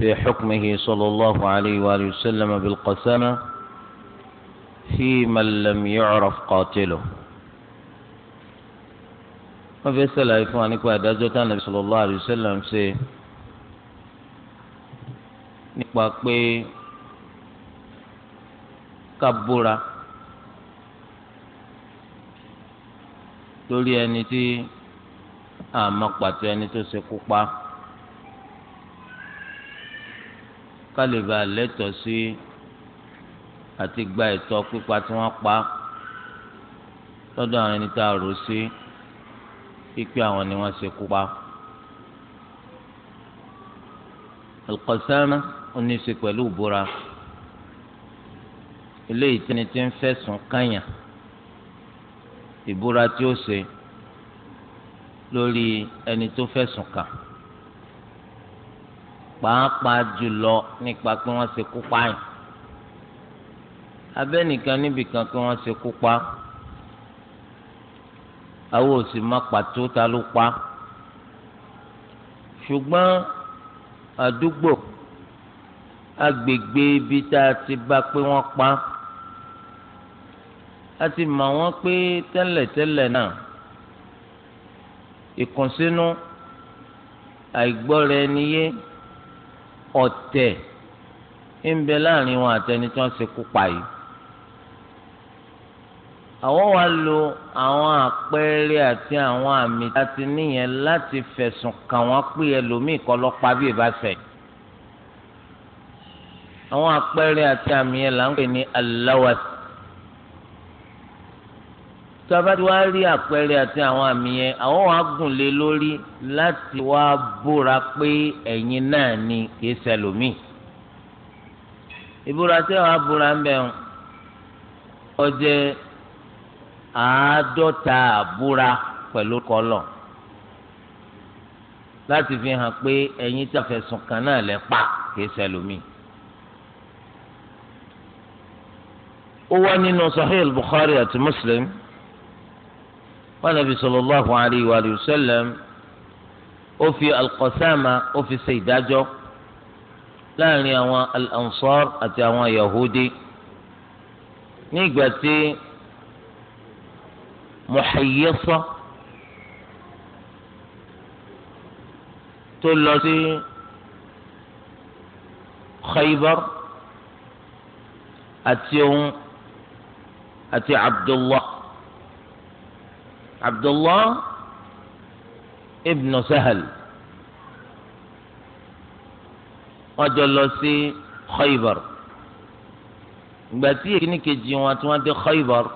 في حكمه صلى الله عليه وآله وسلم بالقسامة في من لم يعرف قاتله وفي السلام يفواني كوا دازوتا النبي صلى الله عليه وسلم سي nípa pé ká búra lórí ẹni tí àmọ́ pàtó ẹni tó ṣekú pa. kálíbà lẹ́tọ̀ọ́ àti gba ẹ̀tọ́ pípa tí wọ́n pa lọ́dọ̀ àwọn ẹni tá a rò sí pípé àwọn ni wọ́n ṣe kú pa. alqasama ó ní í ṣe pẹ̀lú ìbúra eléyìí tí ni ti ń fẹ̀sùn kànyà ìbúra tí ó ṣe lórí ẹni tó fẹ̀sùn kàn pàápàá jùlọ nípa pé wọ́n ṣe kú pààyàn abẹ́nìkan níbìkan pé wọ́n ṣe kú pa àwọn òsì má pàtó ta ló pa ṣùgbọ́n àdúgbò agbègbè ibi tá a ti bá pé wọ́n pa a ti mọ̀ wọ́n pé tẹ́lẹ̀tẹ́lẹ̀ náà ìkùnsínú àìgbọ́ra ẹni yé. E ọ̀tẹ̀ ń bẹ láàrin wọn àtẹni tí wọ́n ṣekú pa yìí àwọn wa lo àwọn àpẹẹrẹ àti àwọn àmì láti níyẹn láti fẹ̀sùn kàn wọ́n pé ẹlòmíì kọ́ lọ́pàá bí ìbáṣẹ̀ àwọn àpẹẹrẹ àti àmì yẹn là ń pè ní aláwàsí tí a bá ti wá rí àpẹẹrẹ àti àwọn àmì yẹn àwọn wàá gùn lé lórí láti wá búra pé ẹ̀yin náà ni kìí ṣẹlòmíì ìbúra tí wàá búra ń bẹ̀ ń ọjẹ́ àádọ́ta àbúra pẹ̀lú kọlọ̀ láti fi hàn pé ẹ̀yin tí a fẹ̀sùn kàn náà lẹ́ pa kìí ṣẹlòmíì. ó wá nínú Sahih Bukhari àti Muslim. النبي صلى الله عليه وآله وسلم وفي القسامة وفي سيداجو لا يوا الأنصار أتوا يهودي نيجاتي محيصة تلتي خيبر أتيون أتي عبد الله abdullah ibn sahal wọn jọ lọ sí khaybar ìgbà tí èkíní kejì wọn tí wọn dé khaybar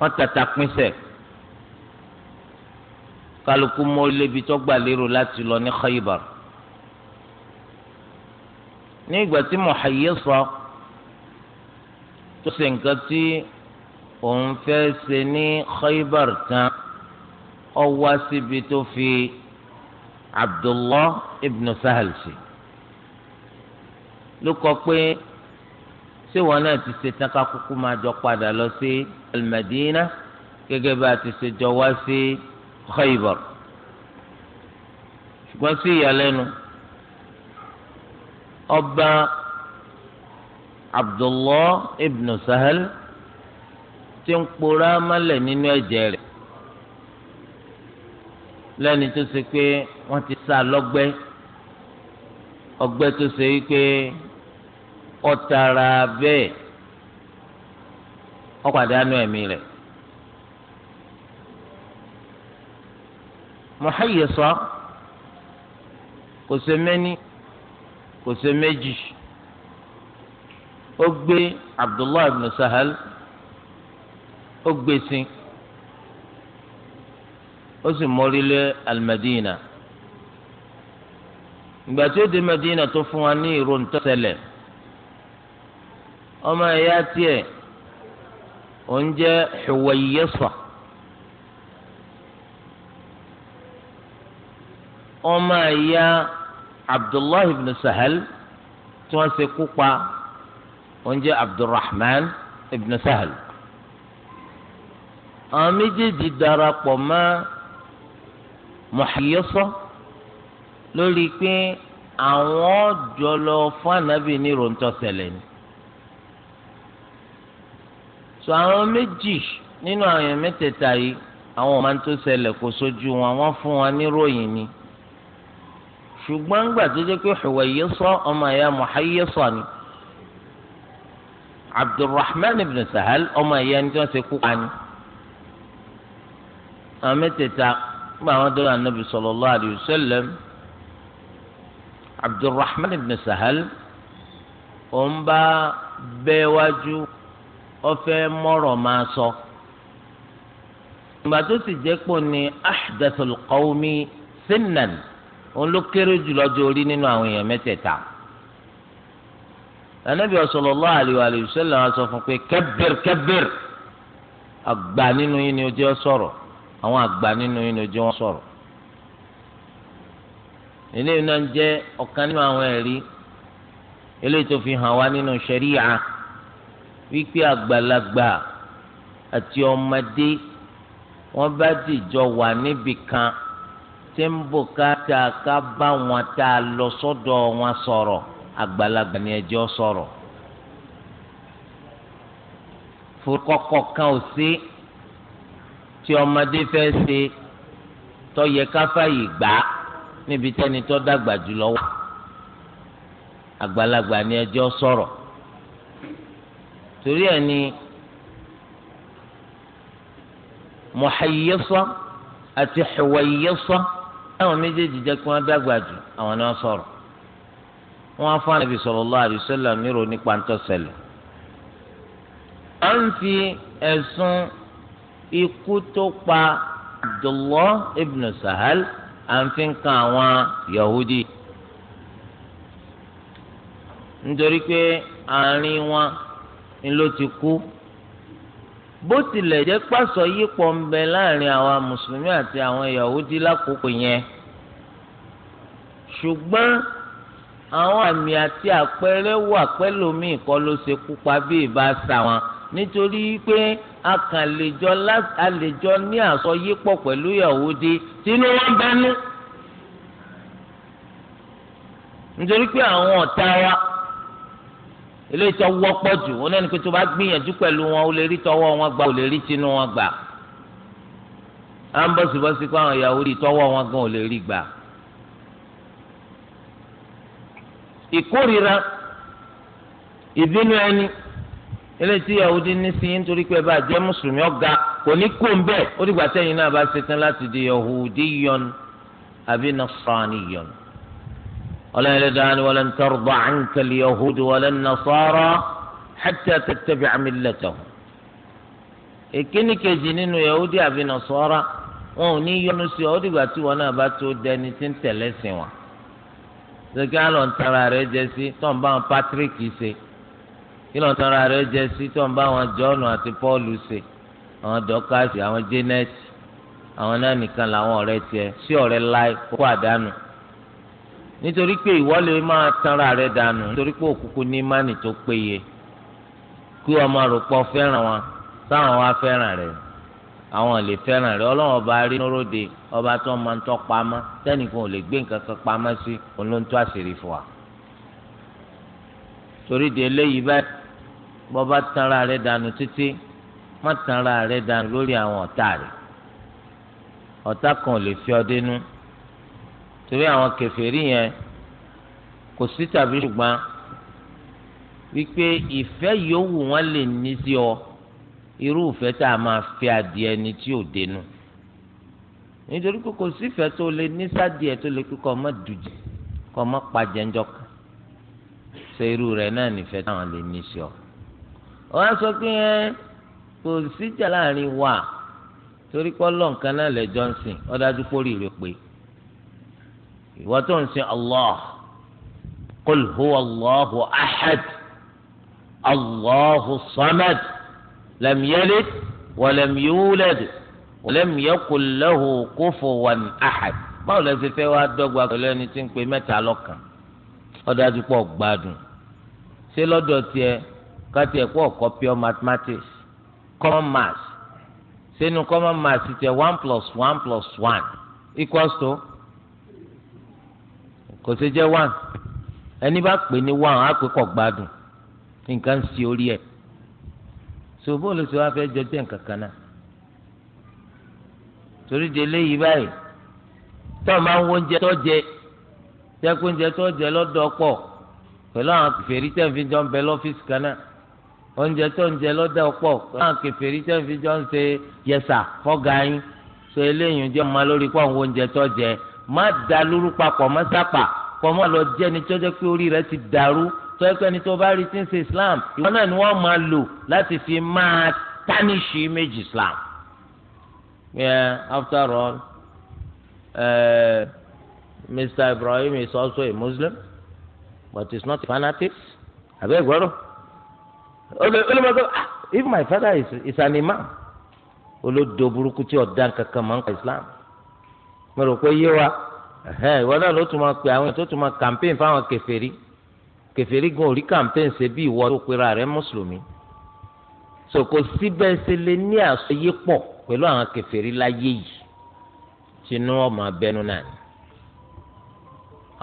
wọn tata pínsẹ kálukú mọlẹbi tó gbà lérò láti lọ ní khaybar ní ìgbà tí Muhayyisa tó ṣe tí òun fẹ́ ṣe ní Khaybar tán ó wá síbi tó fi Abdullah ibn Sahal ṣe ló kọ pé ṣé wọn náà ti ṣe tán ká kúkú máa jọ padà lọ sí al gẹ́gẹ́ bá a ti ṣe jọ wá sí Khaybar ṣùgbọ́n sí ìyàlẹ́nu ọba Abdullah ibn Sahal. tí ń pora mọ́lẹ̀ nínú ẹ̀jẹ̀ rẹ̀ lẹ́ni tó ṣe pé wọ́n ti sá lọ́gbẹ́ ọgbẹ́ tó ṣe wípé ọ̀tara bẹ́ẹ̀ ọ̀pàdánù ẹ̀mí rẹ̀. mọ̀háyẹ̀sọ́ kò ṣe mẹ́ni kò ṣe méjì ó gbé Abdullahi ibn Sahal. ó gbèsè ó sì mórí lé alimadina ìgbà tí ó dé madina tó fún wa ní ìró ntọ́sẹ̀lẹ̀ ọmọ ẹ̀yà tiẹ̀ òun jẹ́ Huwayyisa ọmọ ẹ̀yà abdullahi ibn sahel tí wọ́n ṣe kú pa òun jẹ́ abdulrahman ibn sahel àwọn méjèèjì darapọ̀ mọ́ mọ̀hìyọ́sọ́ lórí pé àwọn jọlọ fún ànábì ní ròǹtọ́sẹ̀lẹ̀ ni. sọ àwọn méjì nínú àwọn mẹ́tẹ̀ẹ̀ta yìí àwọn ọ̀ma tó ṣẹlẹ̀ kò sójú wọn wọ́n fún wọn ní ròyìn ni. ṣùgbọ́n ńgbà tó jẹ́ pé Huwayyisa ọmọ ẹ̀yà Muhayyisa ni Abdulrahman ibn Sahal ọmọ ẹ̀yà ni wọ́n ṣe kú pa ni àwọn mẹ́tẹ̀ẹ̀ta gba àwọn dọ́là anabi sallallahu alayhi wa sallam abdulrahman ibn sahal òun bá bẹ́ẹ̀ wájú ọfẹ́ mọ́rọ̀ máa sọ. ìgbà tó sì jẹ́ pò ní ahdathul qawmi sinnan òun ló kéré jùlọ jọ orí nínú àwọn èèyàn mẹ́tẹ̀ẹ̀ta. anabi sallallahu alayhi wa sallam sọ fún pé kabbir kabbir àgbà nínú yín ni ó jẹ́ sọ̀rọ̀ àwọn àgbà nínú yín lójú wọn sọ̀rọ̀ eléyìí náà jẹ́ ọ̀kan nínú àwọn ẹ̀rí eléyìí tó fi hàn wá nínú ṣẹ̀ríà wípé àgbàlagbà àti ọmọdé wọ́n bá dìjọ wà níbì kan tí ń bò káta ká bá wọn tá lọ sọ́dọ̀ wọn sọ̀rọ̀ àgbàlagbà ni ẹjọ́ sọ̀rọ̀ fúrúkọ́kọ́ kan ò sí tí ọmọdé fẹ́ ṣe tó yẹ káfá yìí gbà á níbi tẹ́ni tó dàgbà jùlọ wà àgbàlagbà ni ẹjọ́ sọ̀rọ̀ torí ẹ̀ ni mọ̀hayẹ́sọ àti hùwàyẹ́sọ àwọn méjèèjì jẹ́ kí wọ́n dàgbà jù àwọn náà sọ̀rọ̀ wọ́n á fún ànábì sallallahu alaihi wasallam nírò nípa ń tọ́sẹ̀lẹ̀ à ń fi ẹ̀sùn ikú tó pa Abdullah ibn Sahal àǹfin kan àwọn Yahudi nítorí pé àárín wọn ni ló ti kú bó tilẹ̀ jẹ́ pàṣọ yípọ̀ ń bẹ láàrin àwa mùsùlùmí àti àwọn Yahudi lákòókò yẹn ṣùgbọ́n àwọn àmì àti àpẹẹrẹ wà pẹ́lòmíì kọ́ ló ṣe kú pa bí ìbá sa wọn nítorí pé akànlèjọ alèjọ ní àsọyípọ̀ pẹ̀lú Yahudi tí inú wọn bẹnu nítorí pé àwọn ọ̀tá wa eléyìí tó wọ́pọ̀ jù wọn náà ni pé tó bá gbìyànjú pẹ̀lú wọn ó lè rí tọwọ́ wọn gbà ó lè rí tinú wọn gbà à ń bọ̀sibọ́sí pé àwọn Yahudi tọwọ́ wọn gan ò lè rí gbà. ìkórira ìbínú ẹni eléyìí tí yahudi ní sí nítorí pé bá jẹ́ mùsùlùmí ọ̀gá kò ní kó ń bẹ́ẹ̀ ó dìgbà sẹ́yìn náà bá ṣetán láti di yahudi yọn àbí nasrani yọn. ọlọ́run lè dáhùn wọlé ń tọrọ bá ànkàlì yahudi wọlé nasara hàtà tẹ̀tẹ̀bí àmìlẹ̀tọ̀. èkíní kejì nínú yahudi àbí nasara wọn ò ní yọnu sí ọ ó dìgbà tí wọn náà bá tó dẹni tí ń tẹ̀lẹ́sìn wọn. sèké àlọ́ ń tara rẹ̀ jẹ́ sí tọ́ kí ló ń tọ́ra rẹ jẹ sí tó ń bá àwọn jọ́ọ̀nù àti pọ́ọ̀lù ṣe àwọn dọ́kàṣì àwọn jẹ́nẹ́tì àwọn náà nìkan làwọn ọ̀rẹ́ tiẹ̀ sí ọ̀rẹ́ láì kó àdánù nítorí pé ìwọ lè máa tanra rẹ dànù nítorí pé òkùnkùn ní mánì tó péye kí ọmọ rò pọ̀ fẹ́ràn wọn táwọn wá fẹ́ràn rẹ àwọn lè fẹ́ràn rẹ ọlọ́run ọba rí nóróde ọba tó máa ń tọ́ pamọ́ tẹ́nìkan ò lè gbé nǹkan kan pamọ́ sí òun ló ń tó àṣírí fún wa torí de eléyìí báyìí bọ́ba tanra rẹ̀ dànù títí má tanra rẹ̀ dànù lórí àwọn ọ̀tá rẹ̀ ọ̀tá kan ò lè fi ọ dénú torí àwọn kèfèrí yẹn kò sí tàbí ṣùgbọ́n wípé ìfẹ́ yòówù wọn lè ní sí ọ irú ìfẹ́ tá a máa fi adìẹ ni tí ò dénú nítorí pé kò sífẹ́ tó lè ní sádìẹ tó lè kíkọ́ ọmọ dùjì kọ́ ọmọ pàjẹ́ ńjọ́ kan ṣe irú rẹ̀ náà nífẹ̀ẹ́ táwọn lè ní sí ọ wọ́n á sọ pé ẹ kò síjà láàrin wa torí pé ọlọ́run kan náà lẹ́jọ́ ń sìn ọ́ dájú pórí rẹ̀ pé ìwọ tó ń sìn allah qul huwa allahu ahad allahu samad lam yalid wa lam yulad wa lam yakul lahu kufuwan ahad báwo lẹ ti fẹ́ wá dọ́gba pẹ̀lú ẹni tí ń pe mẹ́ta lọ́kan ọ́ pọ̀ gbádùn ṣé lọ́dọ̀ tiẹ̀ kátìẹ̀ kó ọ̀kọ́ pure mathematics common maths sínú common maths tẹ e one plus one plus one equals to kò sí jẹ́ one ẹni bá pè ní one á pè kọ̀ gbádùn nǹkan ń si orí ẹ̀ so bóòlù tí wàá fẹ́ jọjọ́ nǹkan kan náà torí de eléyìí báyìí tó o máa ń wo oúnjẹ tó jẹ jẹ́ pé oúnjẹ tó jẹ lọ́dọ̀ pọ̀ pẹ̀lú àwọn fèrè tẹ̀ ń bẹ lọ́fíìsì kan náà oúnjẹ tó ń jẹ lọ́dẹ ọ̀pọ̀ náà kẹfẹ́rí tẹ́ ń fi jọ ń ṣe yẹsà fọ́gà yín so eléyìí jẹ́ ọmọ lórí pọ̀ ń oúnjẹ tó jẹ má da papọ̀ má sápà kọ́ má lọ jẹ́ ni tó jẹ́ pé orí rẹ ti dàrú tó yẹ pé ni tó bá rí tí ń ṣe Islam ìwọ náà ni wọ́n máa lò láti fi máa tánìṣì méjì Islam. after all uh, Mr. Ibrahim is also a Muslim but he is not a fanatic olùmọ̀sọ́ ah if my father is, is an imam olódo burúkú tí ọ̀daràn kankan máa ń kọ́ islam mo rò pé yé wa ìwọ náà ló tún máa pe àwọn tó tún máa campaign fáwọn kèfèrí kèfèrí gan orí campaign ṣe bí ìwọ tó pera rẹ mùsùlùmí so kò síbẹ̀ ṣe lè ní àsọyé pọ̀ pẹ̀lú àwọn kèfèrí láyé yìí tinú ọmọ abẹnú náà ni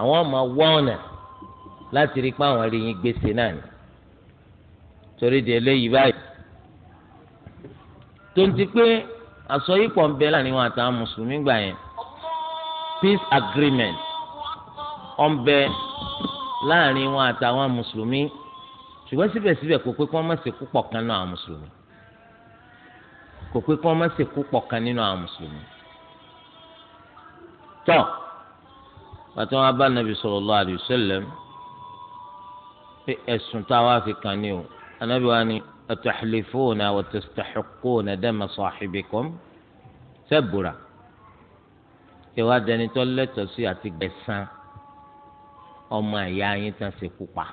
àwọn ọmọ wọ́ọ̀nà láti rí pé àwọn rí yín gbèsè náà ni torí di eléyìí báyìí tonti pé àsọyípọ̀ ń bẹ láàrin wọn àtàwọn mùsùlùmí gbà yẹn peace agreement ń bẹ láàrin wọn àtàwọn mùsùlùmí ṣùgbọ́n síbẹ̀síbẹ̀ kò pé kí wọ́n má ṣe púpọ̀ kan nínú àwọn mùsùlùmí kò pé kí wọ́n má ṣe púpọ̀ kan nínú àwọn mùsùlùmí tọ́ pàtó wọn bá nàbì sallallahu alaihi wasallam pé ẹ̀sùn táwa fi kàn ní o anabi wa ni atuhlifuna wa tastahiquna dama sahibikum sẹ́bùrà ìwà dẹni tó lẹ́tọ̀ọ́ sí àti gbẹ̀san ọmọ ìyá yín tán ṣe kú pa.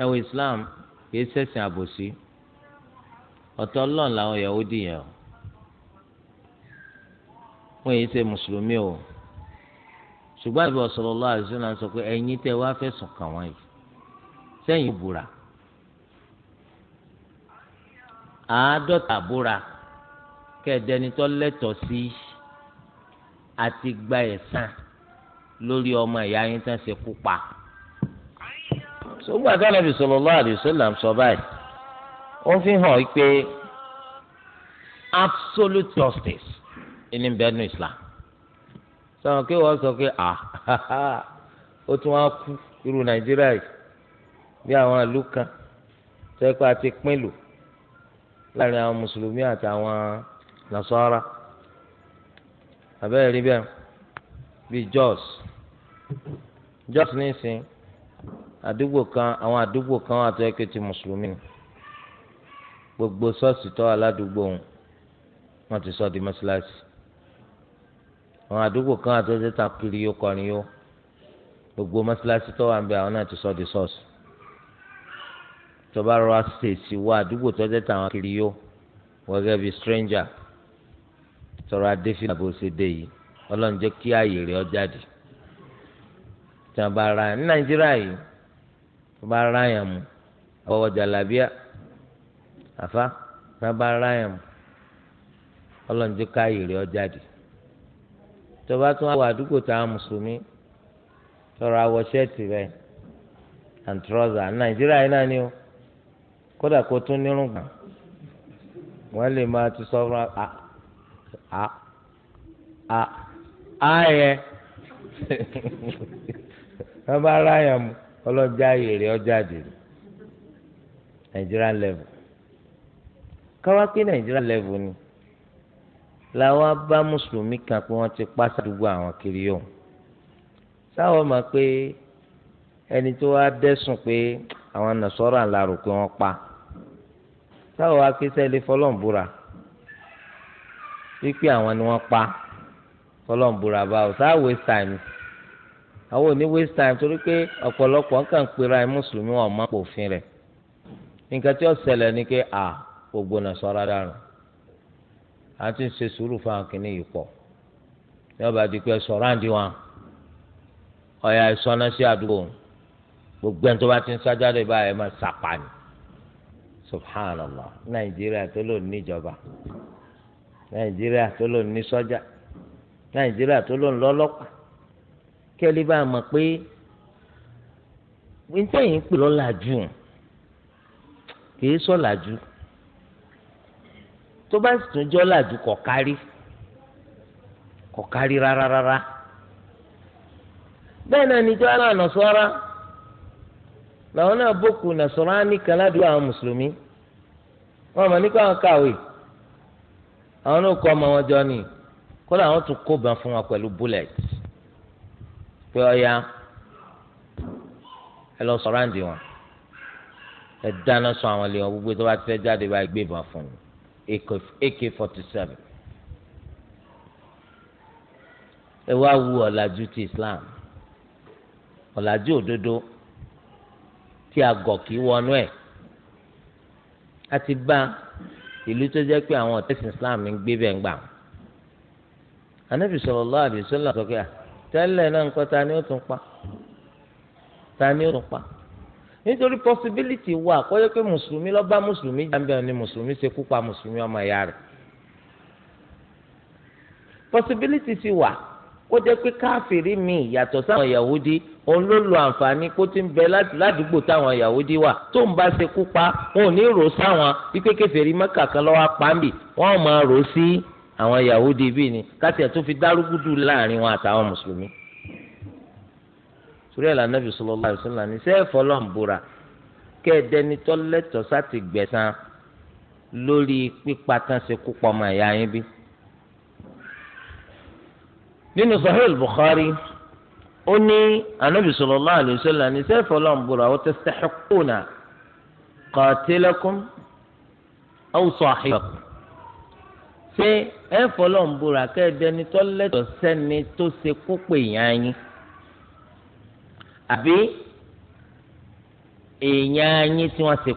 ẹ wo Islam kì í ṣẹ̀sìn àbòsí ọ̀tọ̀ ọlọ́run làwọn Yahudi yẹn o wọn yìí ṣe mùsùlùmí o ṣùgbọ́n àbí sallallahu alaihi wasallam sọ pé ẹ̀yin tẹ́ wá fẹ̀sùn kàn wọ́n yìí sẹ́yìn búra àádọ́ta búra kẹ́ẹ̀dẹ́nitọ́ lẹ́tọ̀ọ́ sí àti gba ẹ̀san lórí ọmọ ìyá yín tán ṣe kú pa. sọgbà tí Ànábì sallallahu alaihi wasallam sọ báyìí ó fi hàn pé absolute justice ní bẹ́ẹ̀nù Islam sọ̀rọ̀ kí wọ́n sọ pé ah ó tún wá kú irú Nàìjíríà yìí bí àwọn ìlú kan tó yẹ pé a ti pín lò láàrin àwọn mùsùlùmí àti àwọn nasara àbẹ́rẹ́ rí bẹ́ẹ̀ bíi Jos Jos nísìn àdúgbò kan àwọn àdúgbò kan wà tó yẹ pé ti mùsùlùmí ni gbogbo ṣọ́ọ̀ṣì tó wà ládùúgbò òun wọ́n ti sọ di mọ́ṣáláṣí àwọn àdúgbò kan àti ọjọ́ ta kiri yóò kọrin yóò gbogbo mọ́ṣáláṣí tó wà ń bẹ àwọn náà ti sọ di ṣọ́ọ̀ṣì tọba rọra ṣèṣì wá àdúgbò tọjá táwọn kiri yó wọgẹ bíi stranger tọrọ adéfìlà bó ṣe dé yìí Ọlọ́run jẹ́ kí ààyè rẹ̀ ọjáde tí wọn bá ra ní Nàìjíríà yìí tó bá ra yàn mú àwọwọ jàlábíà àfa tí wọn bá ra yàn mú Ọlọ́run jẹ́ kí ààyè rẹ̀ ọjáde tọba tún wọ àdúgbò táwọn mùsùlùmí tọrọ àwọ ṣẹ́ẹ̀tì rẹ̀ and trouser Nàìjíríà yìí náà ni o kódà kó tún nírùngbà wọ́n lè máa ti sọ fún a a a a yẹ wọ́n bá ráyà mu ọlọ́jà èrè ọjà dèrè nàìjíríà level káwá pé nàìjíríà level ni làwọn bá mùsùlùmí kan pé wọ́n ti pa sàdúgbò àwọn kiri yòó sáwọn mọ̀ pé ẹni tó wá dẹ́sùn pé àwọn nàṣọ́rà ńlá pé wọ́n pa táwọn akíṣẹ́ lè fọlọ́ǹbúra wípé àwọn ni wọ́n pa fọlọ́ǹbúra báwo sáà waste time àwọn ò ní waste time torí pé ọ̀pọ̀lọpọ̀ nǹkan pera ẹ̀ mùsùlùmí wọn máa pò fin rẹ̀ nǹkan tí ó ṣẹlẹ̀ ni pé à gbogbo náà sọ rárá rùn a ti ń ṣe sùúrù fún àwọn kìnnìyàn pọ̀ yóò bá di pé sọ̀rọ̀ àǹdí wọn ọ̀yà ìsọ̀nà sí àdúgbò gbogbo ẹni tó bá ti ń sájáde báyìí ẹ máa sàpà subhanallah nàìjíríà tó lò n'Ijoba nàìjíríà tó lò ní sọ́jà nàìjíríà tó lò lọ́lọ́pàá kẹ́lí bá mọ̀ pé ntẹ̀yìn pè lọ́làjú kìí sọ̀làjú tó bá sì tún jọ́ làjú kọ̀ kárí kọ̀ kárí làwọn náà bókù nàṣọ́ránì kan ládùúgbò àwọn mùsùlùmí wọn mọ̀ nípa àwọn kàwé àwọn náà kọ́ ọmọ wọn jọ ni kódà àwọn tún kóbá fún wọn pẹ̀lú bullet pé ọ̀ya ẹ lọ sọ̀ráǹdì wọn ẹ dáná sun àwọn ilé wọn gbogbo tó bá ti fẹ́ jáde báyìí gbé ìbọn fún un ak forty seven ẹ wá wu ọ̀làjú ti Islam ọ̀làjú òdodo tí agọ̀ kì wọnú ẹ̀ a ti bá ìlú tó jẹ́ pé àwọn ọ̀tẹ́sìn Islam ń gbé bẹ́ẹ̀ ń gbà anabi sallallahu alaihi wasallam sọ pé tẹ́lẹ̀ náà ń kọ́ ta ni ó tún pa ta ni ó tún pa nítorí possibility wà kọ́jọ́ pé mùsùlùmí lọ bá mùsùlùmí jàǹbẹ̀ ni mùsùlùmí ṣe kú pa mùsùlùmí ọmọ ìyá rẹ̀ possibility sì wà ó jẹ́ pé káfíìrì mi yàtọ̀ sáwọn yahudi òun ló lo àǹfààní kó ti ń bẹ ládùúgbò táwọn yahudi wà tó ń bá ṣekú pa wọn ò ní rò sáwọn wípé kèfèrí mẹ́kà kan lọ́wọ́ pàmbì wọn ò máa rò sí àwọn yahudi bíi ni káti ẹ̀ tó fi dárúgúdù láàrin wọn àtàwọn mùsùlùmí. sùrẹ́ ìlànà nàbì sallallahu alaihi wasallam ní sẹ́ẹ̀ fọlọ́ǹbùrà kẹ́ ẹ dẹni tọ́lẹ́tọ̀ sátìgbẹ̀sán lórí pípa tán ṣekú pọ̀ mọ́ nínú sahel bukhari ó ní anabi sallallahu alayhi wa sallam ní sẹfọ lọnbùrọ àwọn tastahiquna qatilakum aw sahibakum ṣé ẹ fọlọ́nbùrọ akẹ́dẹ́ni tó sẹ́ni tó ṣe kó pè yàn si àbí èèyàn tí wọ́n ṣe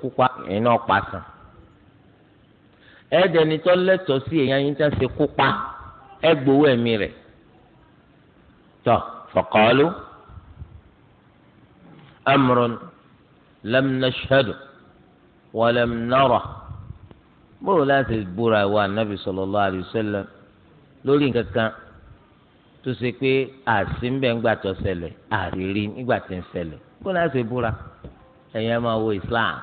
kú pa ẹ̀ẹ́dẹ̀ni tó lẹ́tọ̀ọ́ sí èèyàn yín tán ṣe kú pa ẹ gbowó ẹ̀mí rẹ̀ tọ́ fọ̀kọ́lù amrun lam nashhadu láti búra ìwà nàbì sallallahu alaihi wasallam lórí nǹkan kan tó ṣe pé ń nígbà tí ń Islam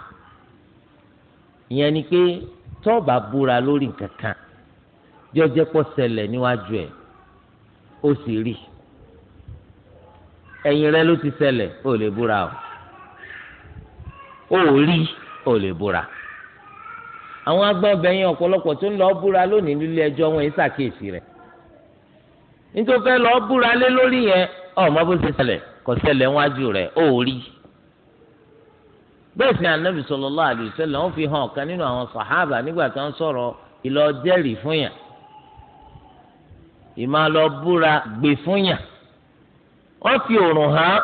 ìyẹn ni tọ́ọ̀bà búra lórí nkankan kan yóò jẹ́ pọ̀ ṣẹlẹ̀ níwájú ẹ̀ ó sì rẹ ló ti o ó lè búra o ó rí ó lè búra àwọn agbọ́nbẹ̀yìn ọ̀pọ̀lọpọ̀ tó ń lọ búra lónìí nílé ẹjọ́ wọn yìí ṣàkíyèsí rẹ̀ nítorí fẹ́ lọ búra lé lórí yẹn bó ṣe níwájú rẹ̀ ó bẹ́ẹ̀ sì ni anabi sọlọ alaihi wasallam ń fi hàn ọ̀kan nínú àwọn sàhábà nígbà tí wọ́n sọ̀rọ̀ ìlọ jẹ́rìí fún lọ búra gbè fún yàn wọ́n fi òòrùn hàn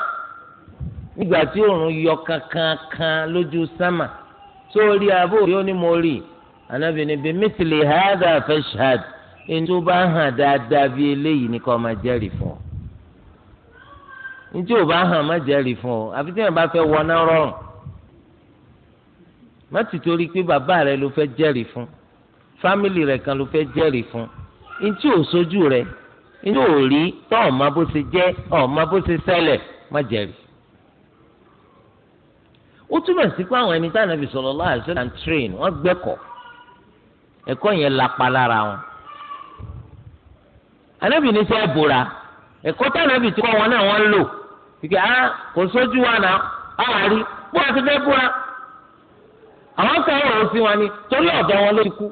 nígbà tí òòrùn yọ kankankan lójú sámà sórí ní mo rí anabi ní bí mithli bá hàn dáadáa bí eléyìí ni kò máa jẹ́rìí fún ọ ní tí ò hàn má jẹ́rìí fún ọ àfi tí bá fẹ́ má ti torí pé bàbá rẹ ló fẹ́ jẹ́rìí fún fámìlì rẹ kan ló fẹ́ jẹ́rìí fún ntí ò sójú rẹ ntí ò rí tọ́ ọ̀ má bó ṣe jẹ́ ọ̀ má bó ṣe ṣẹlẹ̀ má jẹ́rìí. ó túmọ̀ sí pé àwọn ẹni tí Ànábì sallallahu alaihi wasallam train wọ́n gbẹ́kọ̀ọ́ ẹ̀kọ́ yẹn lapa lára wọn. Ànábì ní sẹ́ bòrà ẹ̀kọ́ tí Ànábì tí kọ́ wọn náà wọ́n lò kìkì á ah, kò sójú wa náà á wà rí bó a ti fẹ́ búra àwọn kan rò ó sí wọn ni torí ọ̀dọ̀ wọn ló ti kú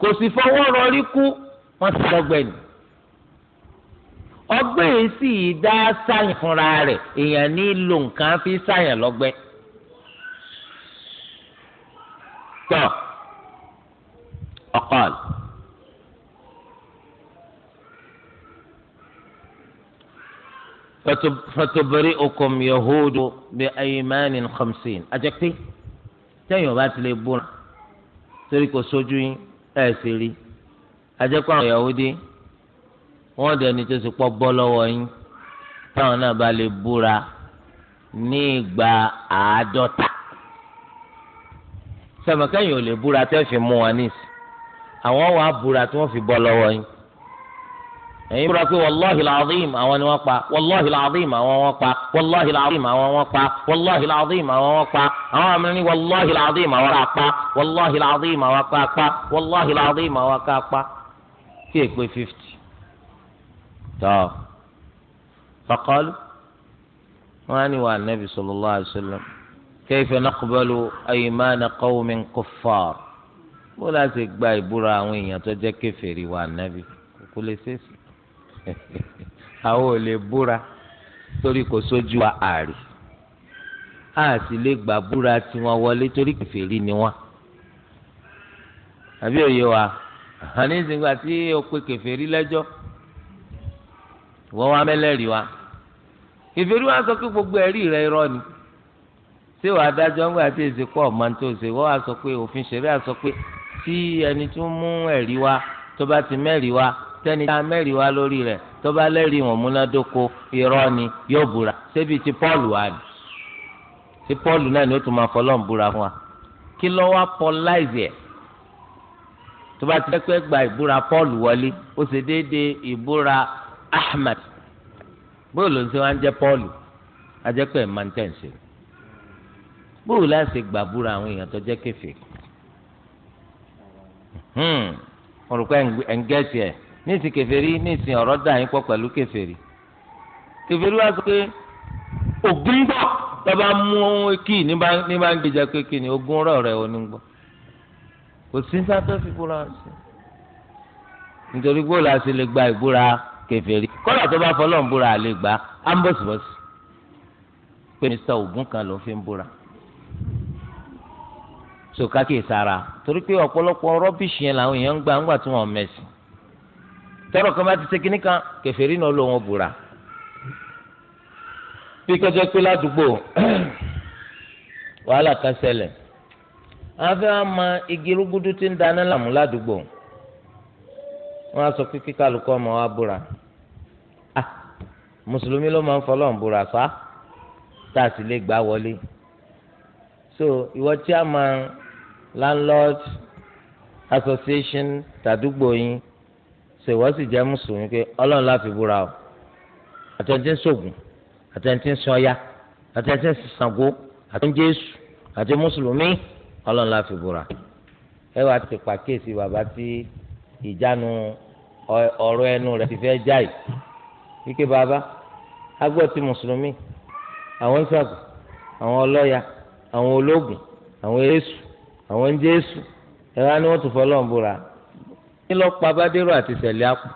kò sì fọwọ́ rọrí kú wọn sì lọ́gbẹ́ ni ọgbẹ́ yìí sì dá sáyìn fúnra rẹ̀ èèyàn ní lo nǹkan fi sáyìn lọ́gbẹ́ tọ́ ọ̀kọ́ọ̀lù. fatobere okom yahudu bi ayimani khamsin ajakpe tẹyin ọba ti lè búra torí kò sójú yín ẹ sì rí ajakpe àwọn yahudi wọn dẹni tó sì pọ bọ́ lọ́wọ́ táwọn náà bá lè búra ní ìgbà àádọ́ta sọmọkẹyìn ò lè búra tẹ́ fi mú wa nísì àwọn wàá búra tí wọ́n fi bọ́ lọ́wọ́ ẹ̀yin búra pé wàláhi làdìm àwọn ni wọ́n pa wàláhi làdìm àwọn wọ́n pa wàláhi làdìm àwọn wọ́n pa wàláhi làdìm àwọn wọ́n pa àwọn àmì ní wàláhi làdìm àwọn apá wàláhi làdìm àwọn apá apá wàláhi làdìm àwọn apá apá kí è pé fifty. tọ́ faqalu wọn á ní wà nẹ́bí sallallahu alaihi wasallam kayfa naqbalu aymana qawmin kuffar bó láti gba ìbúra àwọn èèyàn tó jẹ́ kèfèrí wà nẹ́bí kò lè ṣeéṣe. àwọn ò lè búra torí kò sójú wa ààrẹ a sì lè gbà búra tiwọn wọlé torí kèfèrí ni wọn àbí òye wa àní ìsìnkú àti òpè kèfèrí lẹ́jọ́ wọn wá mẹlẹrìí wa kèfèrí wa sọ pé gbogbo ẹ̀rí rẹ̀ irọ́ ni tí wàá dájọ́ ńgbà tí èsì pọ̀ máa ń tó ṣe wọ́n á sọ pé òfin ṣẹ̀rí á pé tí ẹni tó mú ẹ̀rí wa tó bá ti mẹ́rìí wa tẹ́ni tá a mẹ́rin wá lórí rẹ̀ tó bá lẹ́rìí wọn múnádóko irọ́ ni yóò búra ṣebí ti Pọ́ọ̀lù wá ni ti Pọ́ọ̀lù náà ni ó tún máa fọlọ́n búra fún wa kí lọ́ wá pọ́láìsì ẹ̀ tó bá ti dẹ́pẹ́ gba ìbúra Pọ́ọ̀lù wọlé ó ṣe déédéé ìbúra Ahmad bóòlù ń ṣe wá ń jẹ́ Pọ́ọ̀lù ajẹ́pẹ́ máa ń tẹ̀ ṣe bóòlù láì ṣe gbàbúra àwọn èèyàn tó jẹ́ kéfì hmm. ọ̀rùkọ́ ẹ̀ ń gẹ́sì ẹ̀ ní ìsìn kèfèrí ní ìsìn ọ̀rọ̀ dà yín pọ̀ pẹ̀lú kèfèrí kèfèrí wá sọ pé ògùn ń bọ̀ lọ́ba mú kí ní bá ń gbèjà kékeré ní ogún ọ̀rọ̀ rẹ̀ ò ní gbọ́ kò sí sátọ́ fi sí nítorí gbọ́dọ̀ la ṣe lè gba ìbúra kèfèrí kọ́lá tó bá fọlọ́n búra àlè gbà á ń bọ̀sibọ̀sì pé mr ògùn kan ló fi ń búra sòkà kìí sára torí pé ọ̀pọ̀lọpọ̀ rọ́bìṣì yẹn làwọn èèyàn ń gbà ńgbà tí wọ́n mẹ̀sìn tọrọ kan bá ti ṣe kínní kan kẹfẹ́rí náà ló wọn bùrà bí kọjá pé ládùúgbò wàhálà kan ṣẹlẹ̀ afẹ́ wa ma igi rúgúdú ti ń dáná làmú ládùúgbò wọ́n sọ pé kíkálukọ́ ọmọ wa búra ah mùsùlùmí ló máa ń fọlọ́n búra sá tá a sì lè gbá wọlé so ìwọ chairman landlord association tàdúgbò yín ṣèwọ́ sì jẹ́ mùsùlùmí pé ọlọ́run láfi búra o àtẹ̀ntì ń sògùn àtẹ̀ntì ń sọya àtẹ̀ntì ń sàngó àtẹ̀ntì jésù àti mùsùlùmí ọlọ́run láfi búra. ẹ wàá ti pàkíyèsí bàbá tí ìjánu ọ̀rọ̀ ẹnu rẹ̀ ti fẹ́ jáì wípé bàbá agbọ́ ti mùsùlùmí àwọn ń sàgùn àwọn ọlọ́ya àwọn ológun àwọn èésù àwọn ń jésù ẹ wá ní wọ́n tún fọ́ ọlọ́run kí ló pa bádérò àti sẹ̀lẹ̀ àpò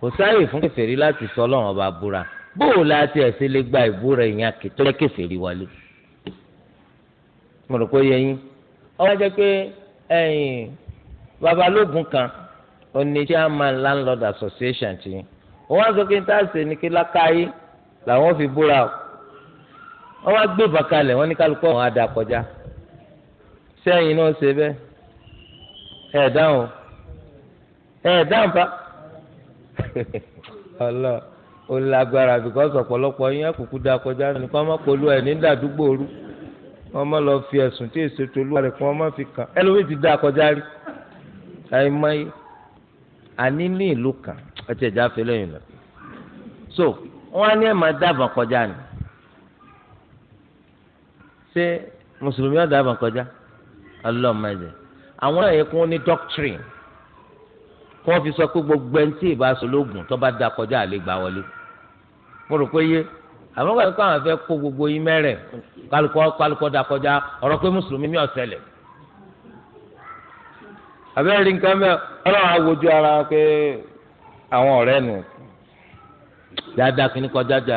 kò sáàyè fún kèfèrí láti sọ ọlọ́run ọba búra bóò láti ẹ̀sìn lè gba ìbúra ìyẹn tó yẹ kèfèrí wọlé mo rò pé yẹ yín ọwọ́ jẹ́ pé ẹ̀yìn babalógun kan oní landlord association ti wọ́n á sọ pé níta ṣe ni kí lákàáyé làwọn fi búra o wọ́n á gbé bàkalẹ̀ wọ́n ní kálukọ́ wọn á da kọjá sẹ́yìn náà ṣe bẹ́ẹ̀ ẹ dáhùn ẹ dáhùn bá ọlọ ó lágbára bìkọ́sì ọ̀pọ̀lọpọ̀ yín àkùkù dá kọjá ní kó má polú ẹ̀ lọ fi ẹ̀sùn tí èso tolú rẹ̀ kó má fi kàn ẹlòmíì ti dá kọjá rí àní ní ìlú kan ọtí ẹja fi lẹ́yìn lọ. so á ní dábàá kọjá ni ṣé mùsùlùmí àwọn náà yẹ kó ní doctrine kó wọ́n fi sọ pé gbogbo ẹni tí ìbá sọ lóògùn tó bá da kọjá àlè yé àwọn àwọn kó gbogbo yín mẹ́rẹ̀ kálukọ́ kálukọ́ da kọjá pé mùsùlùmí àbẹ́rẹ́ nǹkan mẹ́ ọlọ́run àwòjú ara pé àwọn ọ̀rẹ́ nù dáadáa kọjá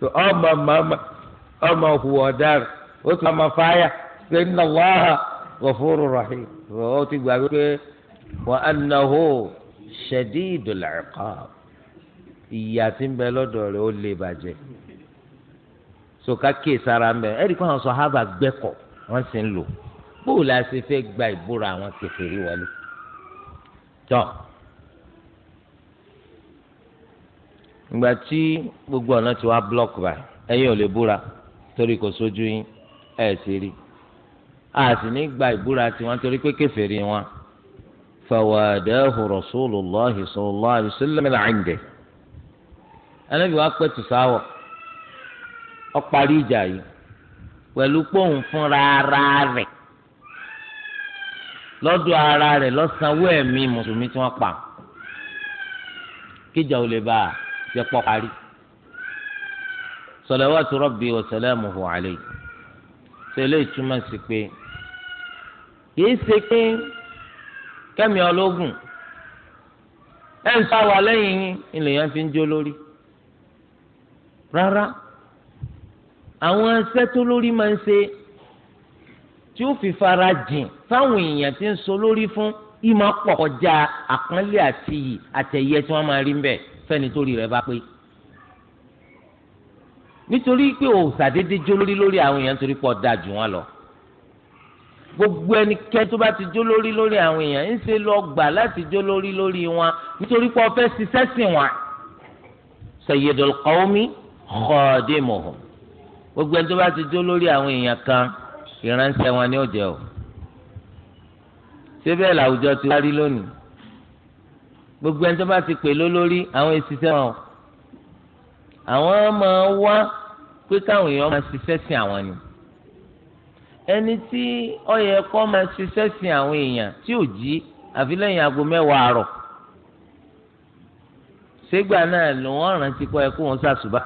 ọmọ ọmọ hùwà ó tún máa fáyà pé inna Allaha ghafurur rahim ó ti gbà wípé wa annahu shadidul iqab ìyà tí ń bẹ lọ́dọ̀ rẹ̀ ó lè bàjẹ́ sọ̀ká kéè sára ń bẹ ẹ̀rí kó àwọn sàhábà gbẹ́kọ̀ wọ́n sì ń lò bóòlù la ṣe fẹ́ gba ìbúra àwọn kèfèrí wọlé tọ́ ìgbà tí gbogbo ọ̀nà tí wàá blọ́ọ̀kì báyìí ẹ̀yin ò lè búra torí kò sójú yín ẹ̀ sì rí a sì ní gba ìbúra tiwọn torí pé kèfèrí wọn fawadahu rasulullahi sallallahu alaihi wasallam ẹ̀ǹdẹ̀ ẹnẹ́bí wa pẹ́ tù sáwọ̀ ó parí ìjà yìí pẹ̀lú pòun fúnra ara rẹ̀ lọ́dọ̀ ara rẹ̀ lọ́sànwó ẹ̀mí mùsùlùmí tí wọ́n pa kíjà ò lè bá a jẹ́ pọ́ parí salawatu rabbi wa salamuhu alayhi tẹ́lẹ̀ ìtumọ̀ sí pé kìí ṣe pé kẹ́mi ọlọ́gùn ẹ̀ ń sáwà lẹ́yìn yín ìlèyàn fi ń jó lórí rárá àwọn ẹsẹ́ tó lórí máa ń ṣe tí ó fi fara jìn fáwọn èèyàn tí ń so lórí fún ìmọ̀ pọ̀ kọjá àpọ́nlé àti àtẹ̀yẹ tí wọ́n máa rí ń bẹ̀ fẹ́ni tó rí rẹ̀ bá pé nítorí pé o ṣàdédé jó lórí lórí àwọn èèyàn torí pọ̀ da jù wọn lọ gbogbo ẹnikẹ́ni tó bá ti jó lórí lórí àwọn èèyàn ń ṣe lọ gbà láti jó lórí lórí wọn nítorí pé o fẹ́ ṣiṣẹ́ sìn wọn sayyidul qawmi khadimuhum gbogbo ẹni tó bá ti jó lórí àwọn èèyàn kan ìránṣẹ́ wọn ni ó jẹ́ o ṣé bẹ́ẹ̀ làwùjọ ti wá rí lónìí gbogbo ẹni tó bá ti pè lólórí àwọn èsì sẹ́wọ̀n àwọn máa wá pé káwọn èèyàn máa ṣiṣẹ́ sí àwọn ni ẹni tí ó yẹ kó máa ṣiṣẹ́ sí àwọn èèyàn tí ò jí àfi lẹ́yìn aago mẹ́wàá àárọ̀ ṣégbà náà ló wọ́n rántí kọ́ ẹ kó wọn ṣàṣùbà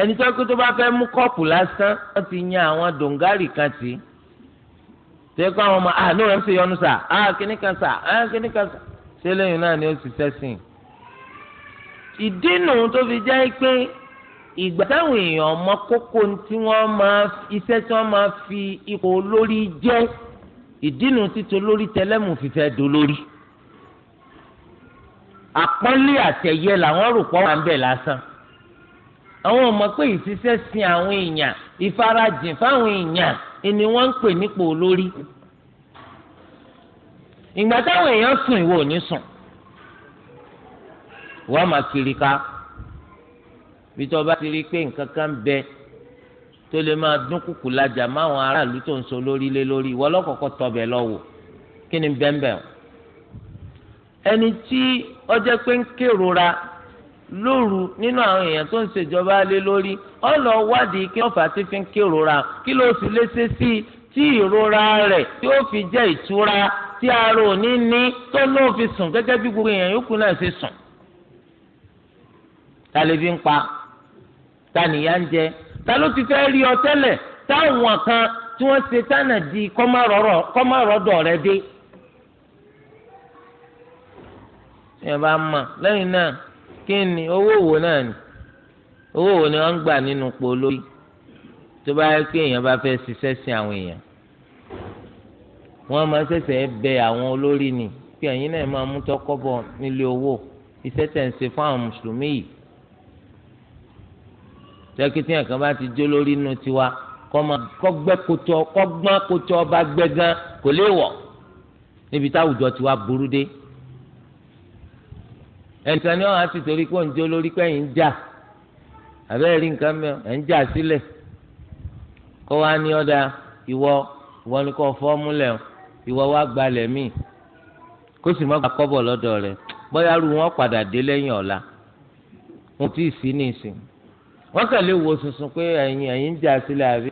ẹni tó kó tó bá fẹ́ mú kọ́ọ̀pù lásán wọ́n ti yan àwọn dòǹgárì kan tì í tẹ́kọ̀ àwọn ọmọ àánú rẹ̀ ń ṣe yọnu sà á kíní kan sà á kíní kan sà ṣé lẹ́yìn náà ni ó ṣiṣẹ́ sí i ìdínú tó fi jẹ́ pé ìgbà táwọn èèyàn mọ kókó tí wọ́n máa iṣẹ́ tí wọ́n máa fi ipò olórí jẹ́ ìdínú títo lórí tẹlẹ́mù fífẹ́ dolórí àpọ́nlé àtẹ̀yẹ làwọn rò pọ̀ wà ń bẹ̀ lásán àwọn ọmọ pé ìṣiṣẹ́ sin àwọn èèyàn ìfarajìn fáwọn èèyàn ni wọ́n ń pè nípò olórí ìgbà táwọn èèyàn sùn ìwọ ò ní sùn wọ́n máa kiri ká bí tó bá ti rí i pé nǹkan kan bẹ tó lè máa dún kùkù lajà máwọn aráàlú tó ń so lórí lé lórí ìwọ lọ́kọ̀ọ́kọ́ tọbẹ̀ lọ́wọ́ kí ni bẹ́ńbẹ́ o ẹni tí ọjọ́ pé ń kérora lóru nínú àwọn èèyàn tó ń ṣèjọba lé lórí ọ lọ wádìí kí wọ́n fà á ti fi ń kérora kí ló sì léṣe sí i tí ìrora rẹ̀ tí ó fi jẹ́ ìtura tí ara òní ní tó lóun fi sùn gẹ́gẹ́ bí gbogbo èèyàn yòókù náà ṣe sùn. tàlẹ́bí ń pa ta nìyà ń jẹ ta ló ti fẹ́ rí ọ tẹ́lẹ̀ táwọn kan tí wọ́n ṣe tánà di kọ́márọ̀dọ̀ rẹ dé. ẹ bá mọ̀ lẹ́yìn náà kí ni owó wo náà ni owó wo ni wọ́n ń gbà nínú polo yìí tó bá yẹ kí èèyàn bá fẹ́ ṣiṣẹ́ sí àwọn èèyàn wọ́n máa ṣẹ̀ṣẹ̀ bẹ àwọn olórí ni pé ẹ̀yin náà máa mú tọkọ́bọ̀ nílé owó iṣẹ́ tẹ̀ ń ṣe fún àwọn mùsùlùmí yìí tẹkítí yẹn kan bá ti jó lórí inú tiwa kọgbọn kótó ọba gbẹ gan kò lè wọ níbi táwùjọ tiwa burú dé ẹnìkan ni wọn á ti torí pé òun jó lórí pé ẹ̀yin ń jà àbẹ́rẹ́ rí nǹkan mẹ́ọ̀ ẹ̀ ń jà sílẹ̀ kó wá ní ọ̀dà ìwọ ìwọ ni kò fọ́ọ́múlẹ̀ ìwọ wá gbalẹ̀ míì kó sì má gba kọ́bọ̀ lọ́dọ̀ rẹ̀ bóyá rú wọn padà dé lẹ́yìn ọ̀la wọn ti sí ní ìsìn wọ́n kàn lè wo sunsun pé ẹ̀yin ẹ̀yin ń jà sílẹ̀ àbí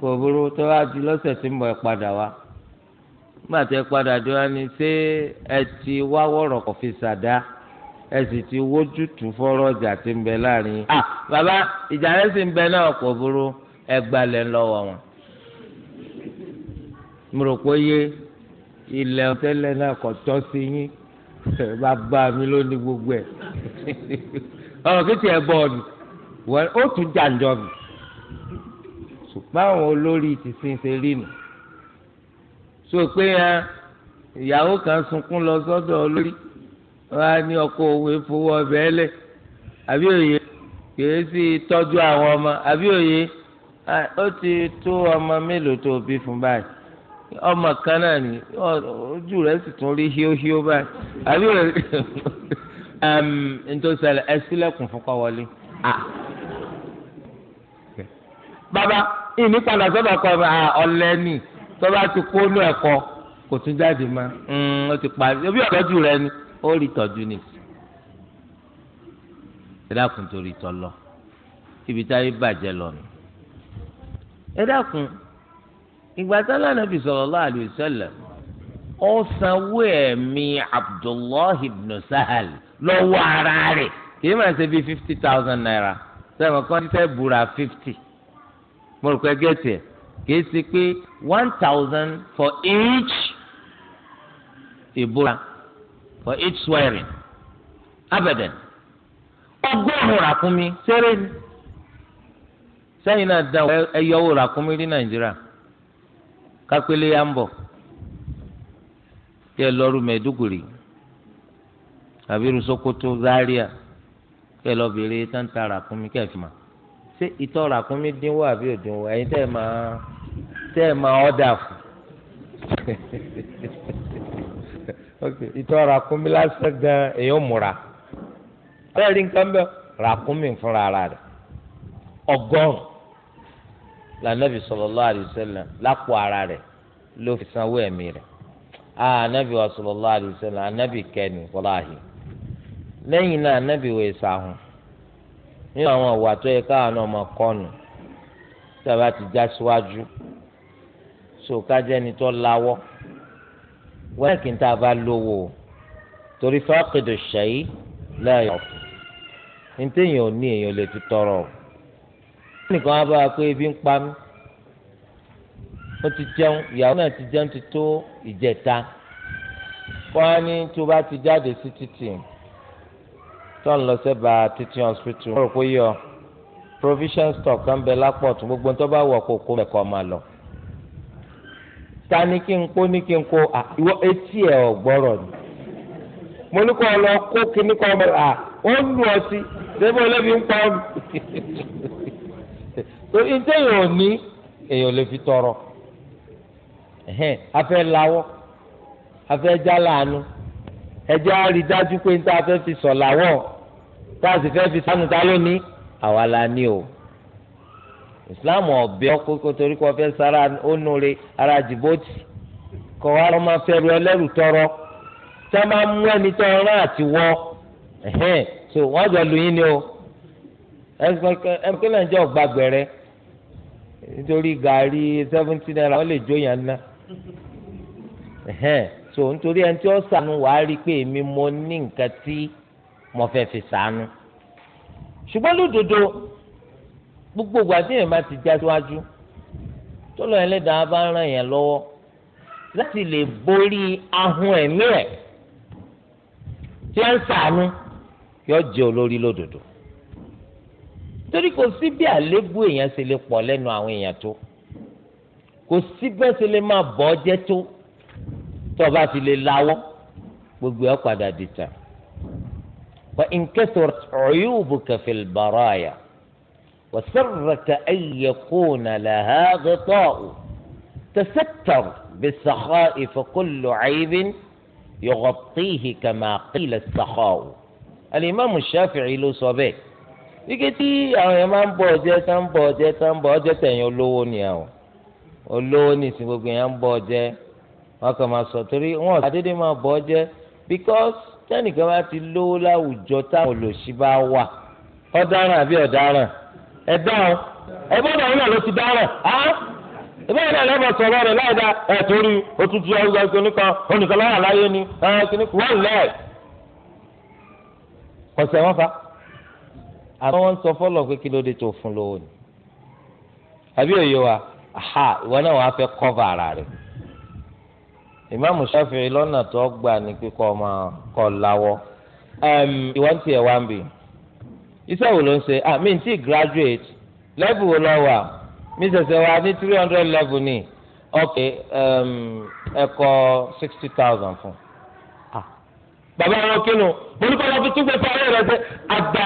kò burú tó wá di lọ́sẹ̀ tí mo ẹ̀ padà wá nígbà tí ẹ padà dé wá ni ṣé ẹ ti wá wọ̀rọ̀ kò fi ṣàdá ẹ sì ti wójútùú fọ́rọ̀ ọjà tí ń bẹ láàrin ah bàbá ìjà rẹ sì ń bẹ náà kò burú ẹ gbalẹ̀ lọ́wọ́ wọn mo rò pé yé ilẹ̀ tẹ́lẹ̀ náà kò tọ́ sí yín bàbá mi ló ní gbogbo ẹ̀. ọ̀rọ̀ kìtì ẹ̀ bọ́ọ̀lù ó tún jàǹjọ́ mi ṣùgbọ́n àwọn olórí ti sin ṣe rí nù so pé ìyàwó kan sunkún lọ sọ́dọ̀ olórí wọn á ní ọkọ òwe fowó ọbẹ̀ ẹlẹ̀ àbí òye kìí sì tọ́jú àwọn ọmọ àbí òye ó ti tó ọmọ mélòó tó bí fún báyìí ọmọ kan náà ni ojú rẹ̀ sì tún rí híóhíó báyìí àbí òye. ntòsílẹ̀ ẹ sílẹ̀kùn fún kọ́ wọlé. bàbá ìní padà sọ́dọ̀ kọ́ ọ̀lẹ́ni tó bá ti kó inú ẹ̀kọ́ kò tún jáde mọ́ mm, ó ti parí ebi ọ̀tọ́jú rẹ ni ó rí tọ́jú ni. ẹ dákun torí tọ́ lọ ibi táyé bàjẹ́ lọ nù. ẹ dákun ìgbà sálà nàbì sallallahu alaihi wasallam ó sanwó ẹ̀mí Abdullahi ibn Sahal. lọ́wọ́ ara rẹ̀ kìí máa ṣe bíi fifty thousand naira sẹ́wọ̀n kan fẹ́ búra fifty mo rò pé gẹ̀ẹ́tì ẹ̀ kìí ṣe one thousand for each ìbúra for each swearing abẹ́dẹ̀n ọgọ́rùn-ún ràkúnmí ṣeré ni sẹ́yìn náà dá ẹyọwó ràkúnmí ní nàìjíríà kápẹ́lẹ́ yá ń bọ̀ kí ẹ àbírú Sokoto Zaria kẹ́ lọ tán ta ràkúnmí kẹfì ṣé ìtọ̀ ràkúnmí dínwó àbí òdínwó ẹ̀yin tẹ́ máa tẹ́ máa ọ̀dà fún ìtọ̀ ràkúnmí lásán gan èèyàn múra bẹ́ẹ̀ rí nǹkan bẹ́ẹ̀ ràkúnmí fúnra ara rẹ̀ ọgọ́rùn lànàbì sallallahu alaihi lápò ara rẹ̀ ló fi sanwó ẹ̀mí rẹ̀ ah, ànàbì wa ànàbì lẹ́yìn náà anábì wò ìsàhùn nínú àwọn ọ̀wà tó yẹ káwọn ọmọ kọ́nù tí a bá ti já síwájú sòkájẹ́ni tó láwọ́ wọ́n kì í tá a bá lówó torí fákìdù ṣẹ́yí lẹ́yìn ọ̀fù nítẹ̀yìn ò ní èèyàn lè ti tọrọ o nìkan á bá a pé ebi ń pa mí ó ti jẹun ìyàwó náà ti jẹun ti tó ìjẹta kọ́ á ní tó bá ti jáde sí títì. Si tó ń lọ sẹ́ba teaching hospital. wọ́n rò pé yọ provision stock kan bẹ lápọ̀ tó gbogbo tó bá wọ̀ kókó mẹ́kọ̀ máa lọ. ta ni kí n kó ni kí n kó ìwọ etí ẹ̀ ọ̀ gbọ́rọ̀ ni. mo ní kọ́ ọ lọ kó kíní kọ́ ọ à ó lù ọ sí débò lẹ́bi ń pa ọ́. tó ìdí èèyàn ò ní èèyàn lè fi tọrọ. afẹ́ lawọ́ afẹ́ jálàánú ẹjẹ́ á rí dájú pé níta fẹ́ fi sọ̀ làwọ̀ táàsì fẹ́ fi sánú ta lónìí àwa la ní o islam ọ̀bẹ kókó torí kò fẹ́ sára onúre ara jìbọ́tì kọ́ wa lọ́ máa fẹ́ ru ẹlẹ́rù tọrọ tá máa mú ẹni tọrọ náà ti wọ́ ẹ̀hẹ́n so wọ́n jọ lu yín ni o ẹnikẹ́ni jẹ́ ọ̀gbà gbẹ̀rẹ́ nítorí gàrí seventy naira wọ́n lè jó yàn ná ẹ̀hẹ́n so nítorí ẹni tí ó sànù wàá rí i pé èmi mo ní nǹkan tí mo fẹ́ fi sàánú ṣùgbọ́n lódodo gbogbo ìgbà tí èèyàn bá ti já síwájú tó lọ ẹlẹ́dàá bá ràn yẹn lọ́wọ́ láti lè borí ahun ẹ̀mí ẹ̀ tí wọ́n ń sàánú yọ jẹ́ olórí lódodo torí kò sí bí àléébù èèyàn ṣe lè pọ̀ lẹ́nu àwọn èèyàn tó kò sí bẹ́ẹ̀ ṣe lè máa bọ́ jẹ́ tó tó o bá fi lè lawọ́ gbogbo ẹ̀ padà dìtà. فإن كثرت عيوبك في البرايا وسرك أن يكون لها غطاء تستر بالسخاء فكل عيب يغطيه كما قيل السخاء الإمام الشافعي له صبي يجي يا إمام بوجيتا بوجيتا بوجيتا يقولون يا يقولون يسيبوا بيان بوجي ما كما سطري وما بوجي because tẹ́nìkan bá ti lówó láwùjọ táwọn olòṣì bá wà ọ̀daràn àbí ọ̀daràn ẹ ẹ bọ́dọ̀ ọ̀hún náà ló ti dáràn á ìbáyìí náà lẹ́bọ̀ sọ̀rọ̀ rẹ̀ láì ẹ̀ torí òtútù ọ̀gá kìnìkan onìkan láyà láyé ni ẹ̀ kìnìkan wọ́n lẹ̀. kọ̀sẹ̀ wọn fa àmọ́ wọ́n ń sọ fọ́lọ̀ pé kí tó fún àbí òye ìmáàmù Ṣáfi'í lọ́nà tó gbà ní kíkọ́ ọmọ kọ́ láwọ́ ìwọ́n ti ẹ̀ wá ń bì iṣẹ́ wo ló ń ṣe àmì ah, tí graduate level wo lọ wà mí ṣẹ̀ṣẹ̀ wà ní three hundred level ni ok ẹ̀kọ́ sixty thousand fún ah, bàbá wọn kínú mo ní kọ́ lọ́ọ́ fi túbọ̀ fún ọ̀rẹ́ rẹ ṣe àgbà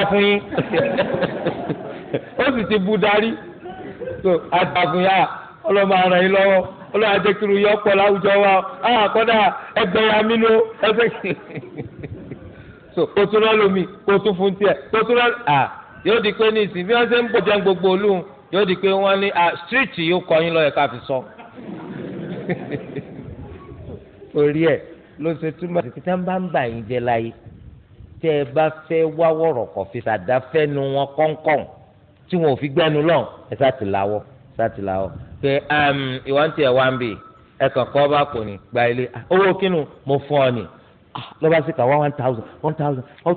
ó sì ti bu darí so àgbà fún yà ah, ọlọ́mọ ara yín lọ́wọ́ olóò àjẹkìrù yọ ọ̀pọ̀ láwùjọ wa àwọn àkọ́dà ẹgbẹ̀yà mi ló ẹgbẹ́ so kò tún lọ lómi kò tún fún tiẹ̀ O tún lọ à yóò di pé ní ìsìn bí wọ́n ṣe ń bọ̀ jẹun gbogbo olóhùn yóò di pé wọ́n ní à street yóò kọ́ yín lọ́yẹ̀ ká fi sọ. orí ẹ̀ ló ṣe túmọ̀ sí pété bá ń bà yín jẹ láyé tẹ́ ẹ bá fẹ́ wá wọ̀rọ̀ kọ̀ fi sàdá wọn kọ́ńkọ́ń tí wọn ò fi gbẹ́nu lọ́n ẹ sá ti láwọ́ sáàtì làwọ pé um, ìwà ń tiẹ̀ wá ń bì ẹ kàn kọ́ bá kò ní gba ilé ah, owó kínú mo fún ọ ni ah, lọ́ba sí ká wá one thousand one thousand ah,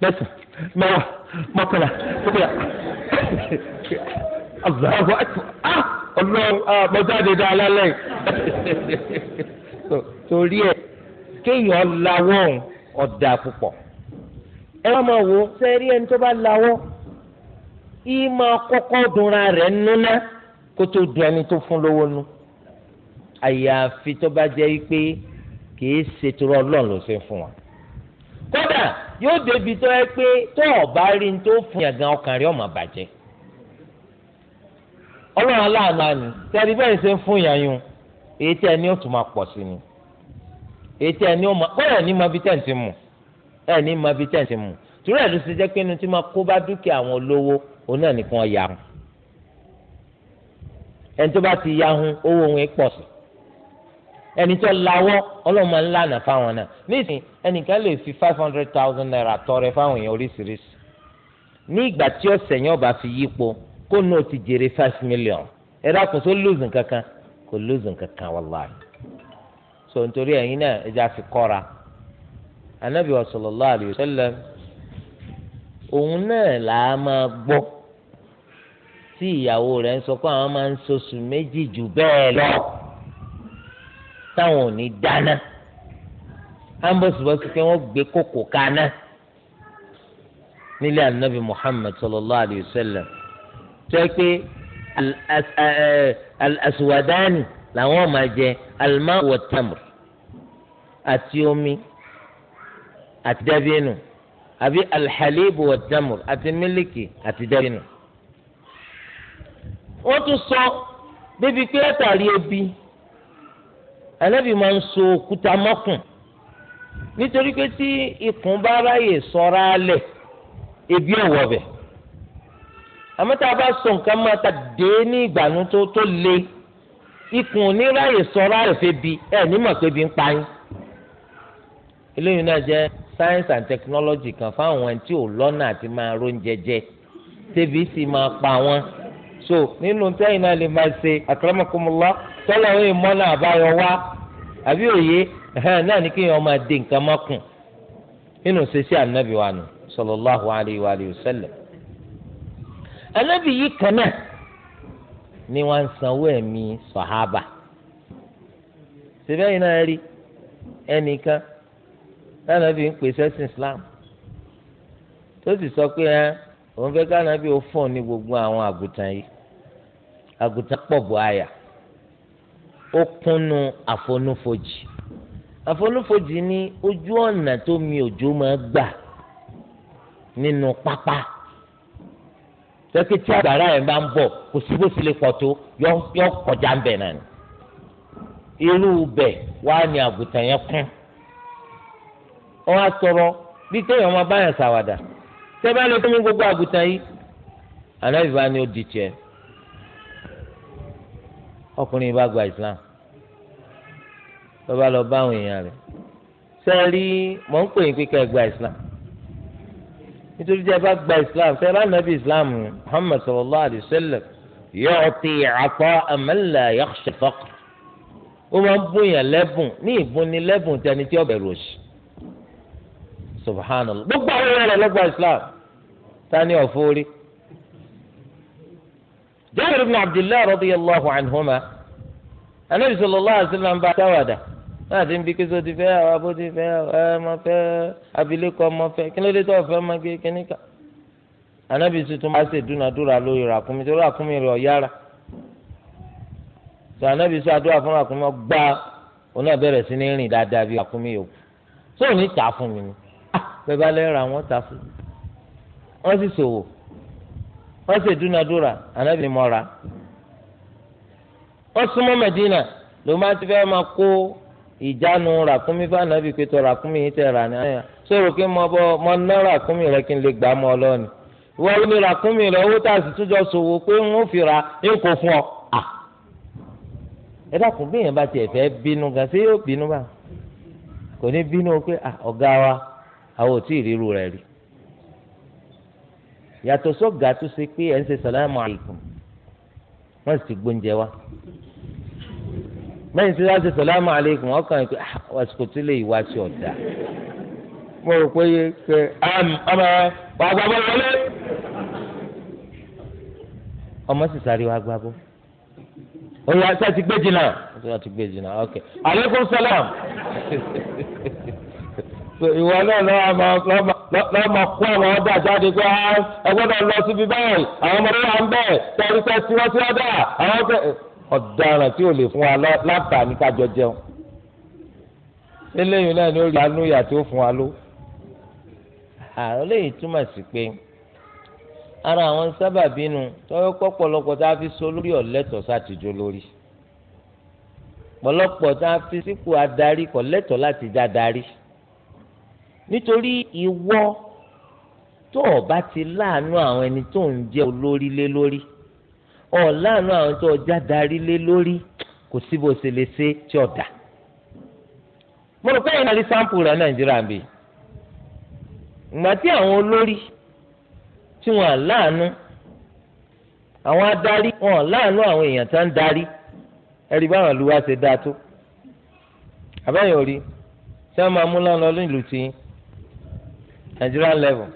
mẹ́sàn mẹ́wàá mọ́kànlá mọ́kànlá ọ̀zọ́ ọlọ́run mọ́jáde dá alálẹ̀ torí ẹ̀ kéèyàn lawọ́ ọ̀dà púpọ̀ ẹ wá máa wo sẹ́rí ẹni tó bá lawọ́ ìmọ̀ kọ́kọ́ dunra rẹ̀ núná kó tó di ẹni tó fún lówó nú àyàfi tó bá jẹ́ pé kìí ṣètò ọlọ́run ló ṣe fún wa kódà yóò débi tó yẹ pé tó ọba rí ní tó fún yàn gan ọkàn rẹ̀ ọmọ bàjẹ́ ọlọ́run aláàánú àná tẹ́lẹ̀ bẹ́ẹ̀ ṣe ń fún yàn èyí tẹ́ ẹ ní tún máa pọ̀ sí ni èyí tẹ́ ẹ ní ó máa kọ́yà ní ma bí tẹ́ǹtì mu ẹ̀ ní ma bí tẹ́ǹtì mu tùrọ̀ ẹ̀ ló ṣe jẹ́ pé inú tí máa kó bá dúkìá àwọn olówó onu na nikan ya hùn ẹni tó bá ti ya hùn owó òun pọ̀ sí ẹni tó lawọ́ ọlọ́mọ ńlá nà fáwọn náà nísìnyí ẹnìkan lè fi five hundred thousand naira tọrẹ fáwọn èèyàn oríṣiríṣi ní ìgbà tí ọ̀sẹ̀ yẹn ọba fi yípo kó náà ti jèrè five million ẹ dákun lùzùn kankan kò lùzùn kankan wàláì so nítorí ẹ̀yin náà ẹ já fi kọ́ra anabi wa sallallahu alayhi wa sallam òun náà tí ìyàwó rẹ̀ ń sọ pé àwọn máa ń soṣù méjì jù bẹ́ẹ̀ lọ táwọn ò ní dáná ambosibosi pé wọ́n gbé kókò kaná nílé anabi muhammed sallallahu alayhi wa sallam tó yẹ pé al eh, eh, làwọn máa jẹ alma àti omi àti dábìnù àbí alhalibu wa àti mílíkì àti dábìnù wọ́n tún sọ débi pé látàrí ebi ànábì máa ń so òkúta mọ́kùn nítorí pé tí ikùn bá ráyè sọra lẹ̀ ebi ọ̀wọ̀ bẹ̀ àmọ́ tá a bá sọ nǹkan máa ta dé ní ìgbàanú tó tó le ikùn ò ráyè sọra rẹ̀ fẹ́ bi ẹ̀ nímọ̀ pé ebi ń pa yín eléyìí náà jẹ́ science and technology kan fáwọn ẹni tí ò lọ́nà àti máa róúnjẹ jẹ tẹ́bi sì máa pa wọ́n. so nínú tẹ́yìn náà lè máa ṣe àkàràmọ́kùnmọ́lá tọ́lá òye mọ́nà àbáyọ wá àbí òye náà ní kéèyàn máa dé nǹkan má kùn nínú ṣẹṣẹ ànábì wa nù sallallahu alayhi wa alihi wa sallam. ànábì yìí kan náà ni wọ́n ń sanwó ẹ̀mí enika síbẹ̀ yìí náà rí Islam tó sì sọ pé ẹ òun fẹ́ ká ànábì ó ní gbogbo àwọn àgùntàn àgùntàn pọ̀ bọ̀ àyà ó kúnnu àfonúfojì àfonúfojì ni ojú ọ̀nà tó mi òjò máa gbà nínú pápá tẹ́kí àgbàrá yẹn bá ń bọ̀ kò sí bó tilẹ̀ pọ̀ tó yọ kọjá ń bẹ̀ náà ni irú bẹ̀ wá ní àgùntàn yẹn kún ọ wá tọrọ bí kéèyàn máa báyàn ṣàwàdà tẹ́ bá lè fún mi gbogbo àgùntàn yìí ànábìbá ni ó di tiẹ̀ ọkùnrin bá gba islam lọ́ba lọ bá àwọn èèyàn rẹ̀ sẹ́ẹ̀rí mọ̀ ń pè yín kíkẹ́ gba islam nítorí tí a bá gba islam tẹ́ bá nàbí islam muhammad sallallahu alayhi wa sallam yu'ti 'ata'an man la yakhsha faqr ó máa ń bóyá lẹ́bùn ní ìbúni lẹ́bùn tẹni tí ó bẹ̀rù òṣì subhanallah gbogbo àwọn èèyàn lọ́gbà islam ta ọ̀fọ́ orí Jabir ibn Abdullah radiyallahu anhuma anabi sallallahu alaihi wasallam ń bá sáwàdà náà ti ń bí kíso ti fẹ́ àwọn abó ti fẹ́ ẹ mọ fẹ́ abilékọ mọ fẹ́ kí ló dé tó ọ̀fẹ́ mọ gé kíní ká anabi tuntun bá ṣe dúnadúrà lórí ràkúnmí tó ràkúnmí rẹ̀ ọ̀yára tó anabi sọ àdúrà fún ràkúnmí ọgbà oná bẹ̀rẹ̀ sí ní rìn dáadáa bí ràkúnmí yòókù tó ní tà fún mi ni ah, bẹ́ẹ̀ bá lẹ́rọ àwọn tà fún mi wọ́n sì ṣòwò wọ́n sì dúnadúrà ànábì ni mo ra wọ́n súnmọ́ Mẹdínà ló máa ti fẹ́ máa kó ìjánu ràkúnmí fún ànábì pé tó ràkúnmí yìí tẹ̀ rà ní àyà sọ̀rọ̀ kí mo bọ́ mo ná ràkúnmí rẹ kí n lè gbà mọ́ ọ lọ́ni ìwọ ló ní ràkúnmí rẹ owó tá a sì túnjọ ṣòwò pé n ó fi ra n kò fún ọ. ẹ dákun bí èèyàn bá tiẹ̀ fẹ́ bínú gan ṣé yóò bínú bá kò ní bínú pé ọ̀gá wa àwọn ò tí ì yàtọ̀ sọ́gà tó ṣe pé ẹ̀ ń ṣe sàlámù àlùkùn wọ́n sì ti gbóúnjẹ wa mẹ́yìn tí wọ́n ṣe sàlámù àlùkùn wọ́n kàn pé ah, àsìkò tí lè wá sí ọ̀dà mo rò pé pé ọmọ wàá gbà bọ́ wọlé ọmọ sì sáré wàá gbà bọ́ oyè asa ti gbé jìnnà asa ti gbé jìnnà ok aleykum salaam ìwọ náà lọ́wọ́ máa lọ́wọ́ lọ́mọ kó àwọn ọ̀dà jáde pé ah, ẹ gbọ́dọ̀ lọ síbi báyìí àwọn ọmọdé wà ń bẹ̀ tẹ̀rí tẹ̀ sí wọ́n sí ọ̀dà àwọn ọ̀daràn tí ò lè fún wa láǹfààní kájọ jẹun eléyìí náà ni ó rí anú ìyà tí ó fún wa ló. àwọn eléyìí túmọ̀ sí pé ara àwọn sábà bínú tọ́wọ́ pọ̀pọ̀lọpọ̀ tá a fi so lórí ọ̀lẹ́tọ̀ sátìjọ lórí pọ̀lọpọ̀ tá a fi sípò adarí kọ̀ lẹ́tọ̀ láti já darí nítorí ìwọ tó o bá ti láàánú àwọn ẹni tó ń jẹ́ olórí lé lórí o láàánú àwọn tó o já darí lé lórí kò sí bó ṣe lè ṣe tí o dà mo rò pé ìyẹn náà rí sáǹpù rẹ̀ nàìjíríà bíi ìgbà tí àwọn olórí tí wọn láàánú àwọn adarí wọn láàánú àwọn èèyàn tó ń darí ẹ̀rí báwọn ìlú wa ṣe dáa tó àbẹ́yìn orí tí máa mú lọ́nà lọ́nà ìlú Nigerian level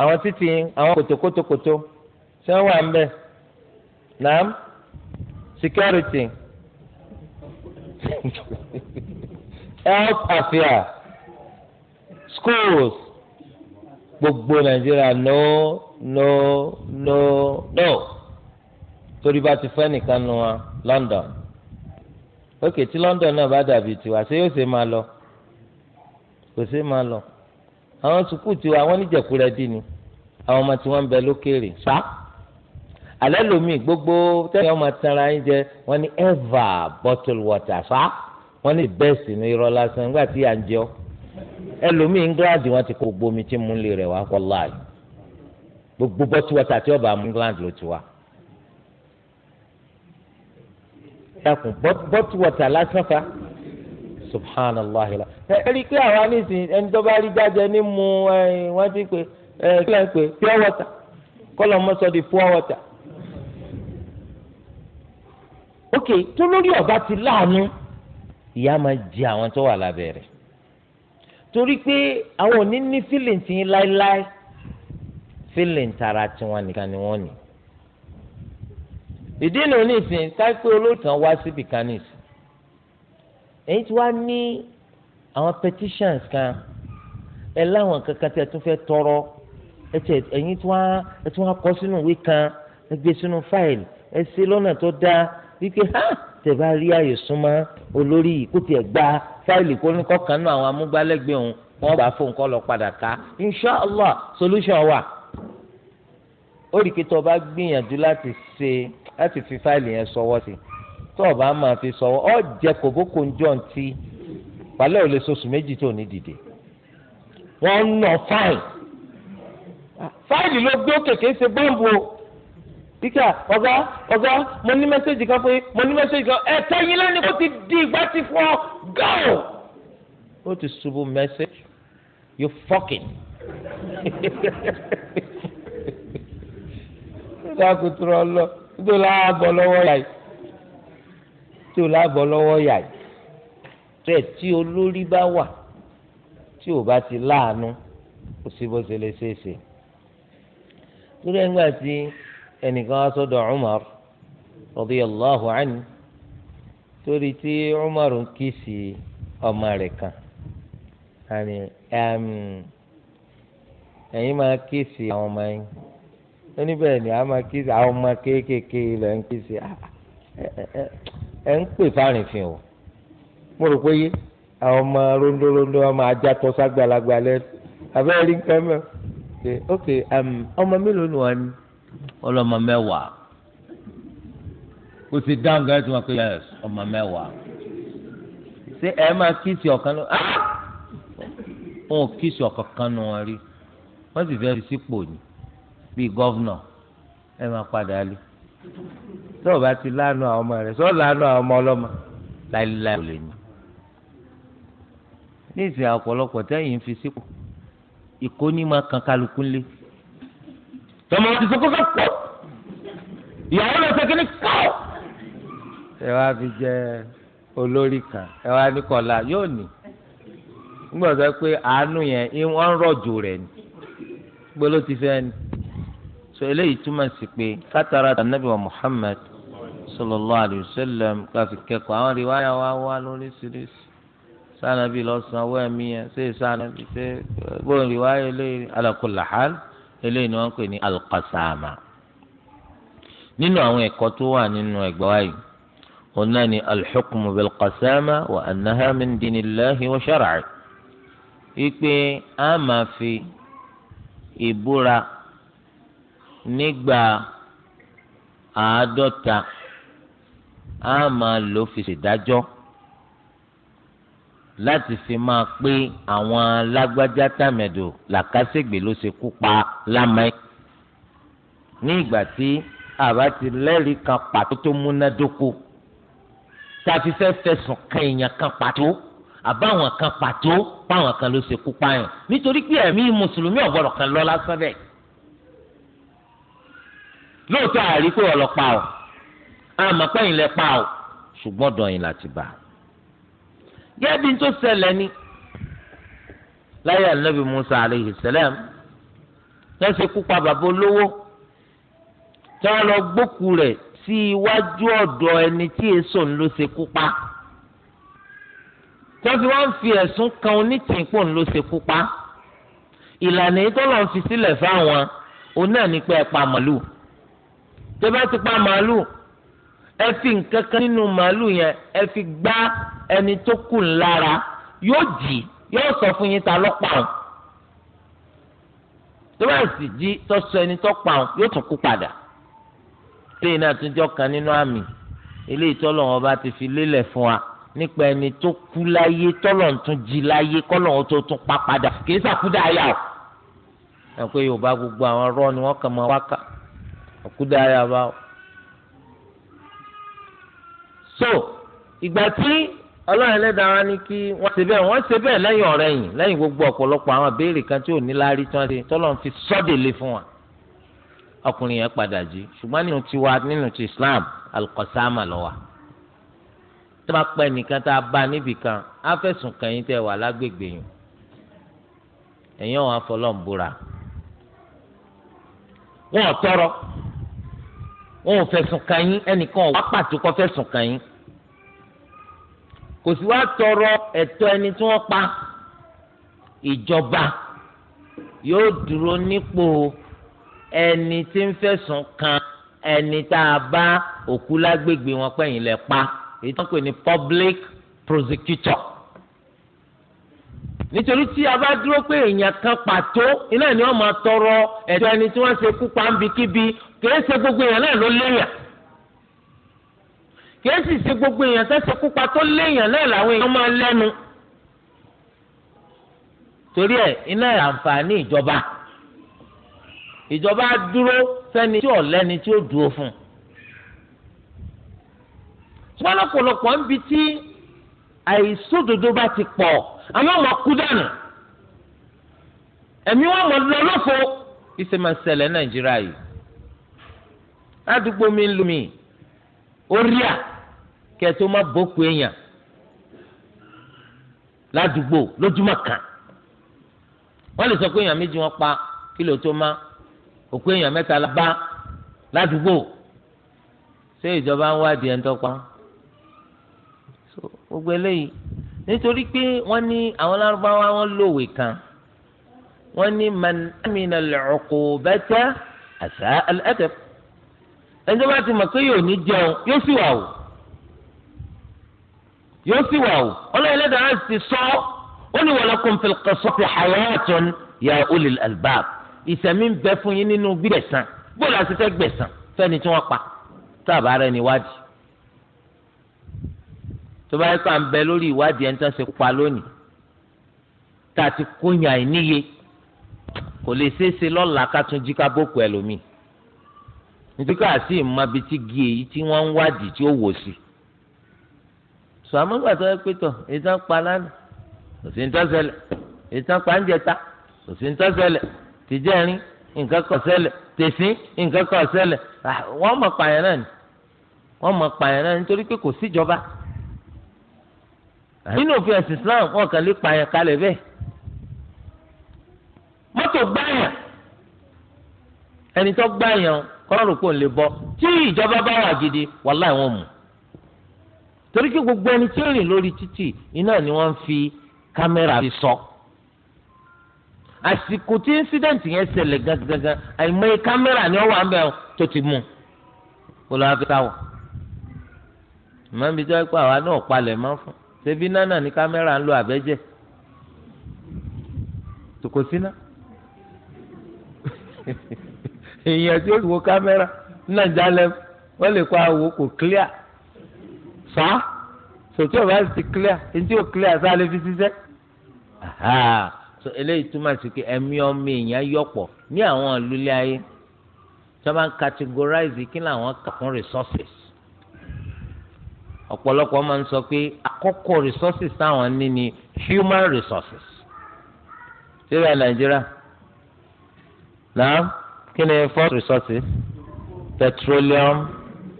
àwọn títì àwọn kòtòkótòkòtò tí wọ́n wà ń bẹ̀ nam security health affairs schools gbogbo Nigeria, no no no no torí bá ti fẹ́ nìkan nu wa London ókè tí London náà bá dàbí tiwa ṣé yóò ṣe máa lọ kò ṣe máa lọ àwọn sùkúù tiwa àwọn níjẹ̀kúrẹ́ dín ni àwọn ọmọ tí wọ́n ń bẹ lókèèrè sá alẹ́ lomi gbogbo tẹ́lẹ̀ ọmọ tẹ́lẹ̀ ayé jẹ wọ́n ní eva bottle water sá wọ́n ní bẹ́ẹ̀sì ní irọ́ lásán nígbà tí à ń jẹ́ ọ́ ẹlòmíì England wọ́n ti kó gbogbo omi tí múlẹ̀ rẹ̀ wá kọ́ láàyè gbogbo bottle water tí ọba England ló ti wá. dákun bottle water lásán fa subhanallah la ẹ rí i pé àwa nísìnyí ẹni tó bá rí jáde ní mu wọ́n ti pè ẹ kí ló ń pè pure water kọ́lọ̀ mọ́sọ̀ di pure water. ok tó lórí ọ̀gá ti láàánú ìyá máa jẹ àwọn tó wà lábẹ́ rẹ̀ torí pé àwọn òní ní feeling ti yín láéláé feeling tara tiwọn nìkan ni wọ́n ní ìdí ìnáwó nìsín táìpé olóòtú wá síbi kan nìsín èyí tí wàá ní àwọn petitions kan ẹ láwọn kankan tí ẹ tún fẹ́ tọrọ ẹ tẹ ẹ̀yin tí wàá ẹ tún wàá kọ sínú ìwé kan ẹ gbé sínú fáìlì ẹ ṣe lọ́nà tó dáa wípé ha tẹ̀bá rí àyè súnmọ́ olórí yìí kó tiẹ̀ gba fáìlì kó ní kọ́kàn náà àwọn amúgbálẹ́gbẹ̀ẹ́ òun wọ́n bá fóun kọ́ lọ padà ká inshallah solution wà ó rí i pé tó o bá gbìyànjú láti ṣe láti fi fáìlì yẹn sọwọ́ sí i tó o bá máa fi sọwọ́ ọ jẹ kòbókò ń jọ ti balẹ̀ ò lè sọ̀sù méjì tó ní dìde wọ́n ń nà fáìn fáìlì ló gbé kèké ṣe bọ́ǹbù o bíkà ọ̀gá ọ̀gá mo ní mẹ́sẹ̀jì kan pé mo ní mẹ́sẹ̀jì kan ẹ̀ tẹ́yìn lẹ́ni kó ti di ìgbà ti fọ́ gáò ó ti ṣubú mẹ́sẹ̀jì you fucking ṣé àgùntàn ọlọ nítorí àwọn àgbọ̀ lọ́wọ́ yàrá tí o lábọ̀ lọ́wọ́ yà yìí rẹ̀ tí olórí bá wà tí o bá ti láàánú kò sí bó ṣe lè ṣe é ṣe. torí ẹgbẹ́ àti ẹnìkan wá sọ́dọ̀ Umar radiyallahu anhu torí tí Umar ń kí sí ọmọ rẹ̀ kan ẹ̀yin máa kí sí àwọn ọmọ yín oníbẹ̀rẹ̀ ni a máa kí sí àwọn ọmọ kéékèèké ilẹ̀ kí sí ẹ ń pè fárìnfìn o mo rò pé yé àwọn ọmọ rondórondó ọmọ ajá tó ságbàlagbà lẹ abẹ́rẹ́ rí nǹkan mọ́ ok um, ọmọ mélòó ni wọ́n ní ọlọ́mọ mẹ́wàá o ti dáhùn gẹ́gẹ́ tí wọ́n pe yes ọmọ mẹ́wàá ṣé ẹ máa kíìsì ọ̀kan lọ ah! wọn ò kíìsì ọ̀kan kan nu wọn rí wọ́n sì fẹ́ẹ́ fi sípò ní bíi gọ́vnọ̀ ẹ máa padà lé tó o bá ti lánà àwọn ọmọ rẹ sọ lánà àwọn ọmọ ọlọ́mọ láìláì kò lè ní. ní ìsìn àpọ̀lọpọ̀ tẹ́yìn fi sípò ìkóní máa kan kálukú lé. tọmọ ti sọ kókó pọ̀ ìyàwó lọ sẹ́kẹ́ ní kọ́. ẹ wá fi jẹ olórí kan ẹ wá ní kọlá yóò ní nígbà tó pé àánú yẹn wọ́n ń rọ̀jò rẹ̀ ni gbọ́dọ̀ ti fẹ́ ni. so eléyìí túmọ̀ sí pé kátàrà anabi wa muhammad sallallahu alayhi wa sallam káfí kẹ́kọ̀ọ́ àwọn riwaya wa wá lórí sírísì sànàbí lọ́sàn owó ẹ̀mí yẹn ṣé sànàbí ṣé bóun riwaya eléyìí ala eléyìí ni wọ́n ń pè ní alqasama nínú àwọn ẹ̀kọ́ tó wà nínú ẹ̀gbọ́n wa yìí òun náà ni alḥukumu bilqasama wa anaha min wa shar'i wípé a máa fi ìbúra nígbà àádọ́ta a máa lò fi ṣèdájọ́ láti fi máa pé àwọn alágbájá tàmẹ̀dò làkàṣègbè ló ṣe kú pa lámẹ́ ní ìgbà tí àbá ti lẹ́rìí kan pàtó tó múnádóko tá a fi fẹ́ fẹ̀sùn kan èèyàn kan pàtó àbáwọn kan pàtó báwọn kan ló ṣe kú pààyàn nítorí pé ẹ̀mí mùsùlùmí ọ̀gbọ́dọ̀ kan lọ lásán lóòótọ́ àrí pé ọ̀lọ́ pa ọ́ àmọ́ pẹ́yìn lẹ pa ọ́ ṣùgbọ́n dọ̀yìn láti bá a. gẹ́bí tó ṣẹlẹ̀ ni láyé ànábì Musa aleyhi sẹlẹm lọ́sẹ̀ kú pa bàbá olówó tí wọ́n lọ gbókù rẹ̀ sí iwájú ọ̀dọ̀ ẹni tí èso ń lọ ṣekú pa tí wọ́n fi wọ́n fi ẹ̀sùn kan onítìpó ń lọ ṣekú pa ìlànà ìtọ́lọ́ fi sílẹ̀ fáwọn onáà ní pẹ́ pa màlúù tẹ́bá ti pa màálù ẹ fi nǹkan kan nínú màálù yẹn ẹ fi gbá ẹni tó kù lára yóò jì yóò sọ fún yín ta lọ́pàá o tẹ́bá sì jí tọ́sọ ẹni tó pa o yóò tún kú padà lẹ́yìn náà tún jọ́ kan nínú àmì eléyìí tọ́lọ̀ wọn bá ti fi lélẹ̀ fún wa nípa ẹni tó kú láyé tọ́lọ̀ tún jí láyé kọ́lọ̀ wọn tó tún pa padà kì í sàkúdà yà o. ẹ pé yorùbá gbogbo àwọn rọ́ọ̀ ni wọ́n kàn máa wá kà àkúdáyà bá o. so ìgbà tí ọlọ́run ẹlẹ́dàá wa ní kí wọ́n ṣe bẹ́ẹ̀ wọ́n ṣe bẹ́ẹ̀ lẹ́yìn ọ̀rẹ́ yìí lẹ́yìn gbogbo ọ̀pọ̀lọpọ̀ àwọn béèrè kan tí ò ní láárí tí wọ́n ṣe tọ́lọ́run fi sọ́dẹ̀lẹ̀ fún wa ọkùnrin yẹn padà jí ṣùgbọ́n nínú tiwa nínú ti Islam alukọ̀sáàmà lọ́wọ́ tó bá pẹ́ nìkan tá a bá níbì kan á fẹ̀sùn kàn yín tẹ́ wà lágbègbè yìí ẹ̀yin ọ̀hún afọlọ́ǹbúra wọn ò tọrọ wọn ò fẹ̀sùn kàn yín ẹnìkan wá pàtó kọ́ fẹ̀sùn kàn yín kò sí wá tọrọ ẹ̀tọ́ ẹni tí wọ́n pa ìjọba yóò dúró nípò ẹni tí ń fẹ̀sùn kàn ẹni tá a bá òkú lágbègbè wọn pẹ̀yìn lẹ̀ pa èyí tó ń pè ní public prosecutor nítorí tí a bá dúró pé èèyàn kan pàtó iná ni wọn máa tọrọ ẹ̀tọ́ ẹni tí wọ́n ṣe kú pa ń bi kíbi kìí ṣe gbogbo èèyàn náà ló léèyàn kìí sì gbogbo èèyàn tó kópa tó léèyàn náà làwọn èèyàn máa lẹ́nu torí ẹ̀ iná àǹfààní ìjọba ìjọba dúró sẹ́ni tí ò tí ó dúró fún ṣùgbọ́n lọ́pọ̀lọpọ̀ ń bi tí àìsódodo bá ti pọ kú dànù wọn ládùúgbò mi ń lu mi ó rí à kẹtó má bókù èèyàn ládùúgbò lójúmọ́ kan wọ́n lè sọ pé èèyàn méjì wọ́n pa kílò tó má òkú èèyàn mẹ́ta la bá ládùúgbò ṣé ìjọba ń wádìí ẹ̀ ń gbogbo eléyìí nítorí pé wọ́n ní àwọn lárúbáwá wọn lòwe kan wọ́n ní man amina al-uqubata asa ẹni tó bá ti mọ̀ pé yóò ní jẹun yóò sì wà o yóò sì wà o ọlọ́run ẹlẹ́dàá ti sọ ó ní walakum fil qisasi hayatun ya ulil albab ìsẹ̀mí ń bẹ fún yín nínú gbẹ̀sán bóòlù àtẹ́tẹ́ gbẹ̀sán fẹ́ni tí wọ́n pa táàbà rẹ̀ níwádìí tó bá yẹ kó à ń bẹ lórí ìwádìí ẹni tó ń ṣe pa lónìí tá a ti kóyàn àìníye kò lè ṣeé ṣe lọ́la ká tún jí ká bókù ẹlòmíì nítorí ká sí ìmọ̀bi tí gi èyí tí wọ́n ń wádìí tí ó wò sí. sọ àmọ́gbà tó yẹ pé tọ̀ ìtàn pa lánàá kò sí nǹkan ṣẹlẹ̀ ìtàn pa ń jẹta kò sí nǹkan ṣẹlẹ̀ tìjẹ́rin nǹkan kò ṣẹlẹ̀ tẹ̀sín nǹkan kò ṣẹlẹ̀ ah, wọ́n mọ̀ pààyàn náà ni wọ́n mọ̀ pààyàn náà nítorí pé kò síjọba. nínú òfin ẹ̀sìn Islam wọn kàn lè pààyàn kalẹ̀ bẹ́ẹ̀ mọ́tò gbáyàn ẹni tó gbáyàn kọ́rọ̀ rò bọ́ tí ìjọba bá wà gidi wàláì wọn mú torí kí gbogbo ẹni tí ó rìn lórí títì iná ni wọ́n fi kámẹ́rà fi sọ àsìkò tí incident yẹn ṣẹlẹ̀ gangan àìmọye kámẹ́rà ni ó wà ń bẹ̀ tó ti mú kó lọ́wọ́ fi táwọ̀ màá bí jẹ́ pé àwa náà palẹ̀ mọ́ fún ṣebí nánà ní kámẹ́rà ń lo àbẹ́jẹ́ tòkòsínà. èèyàn tí ó wo kámẹ́rà náà jálẹ wọ́n lè kó àwò kò clear sá sòtú ọ̀bá ti clear etí ò clear sá lè fi ṣiṣẹ́. so eléyìí túmọ̀ sí pé ẹ̀mí ọmọ èèyàn yọ̀pọ̀ ní àwọn àlùlẹ̀ ayé tí wọ́n bá ń categorize kí làwọn kà fún resources ọ̀pọ̀lọpọ̀ máa ń sọ pé àkọ́kọ́ resources táwọn ní ni human resources. sílẹ̀ nàìjíríà náà kí ni first resources petroleum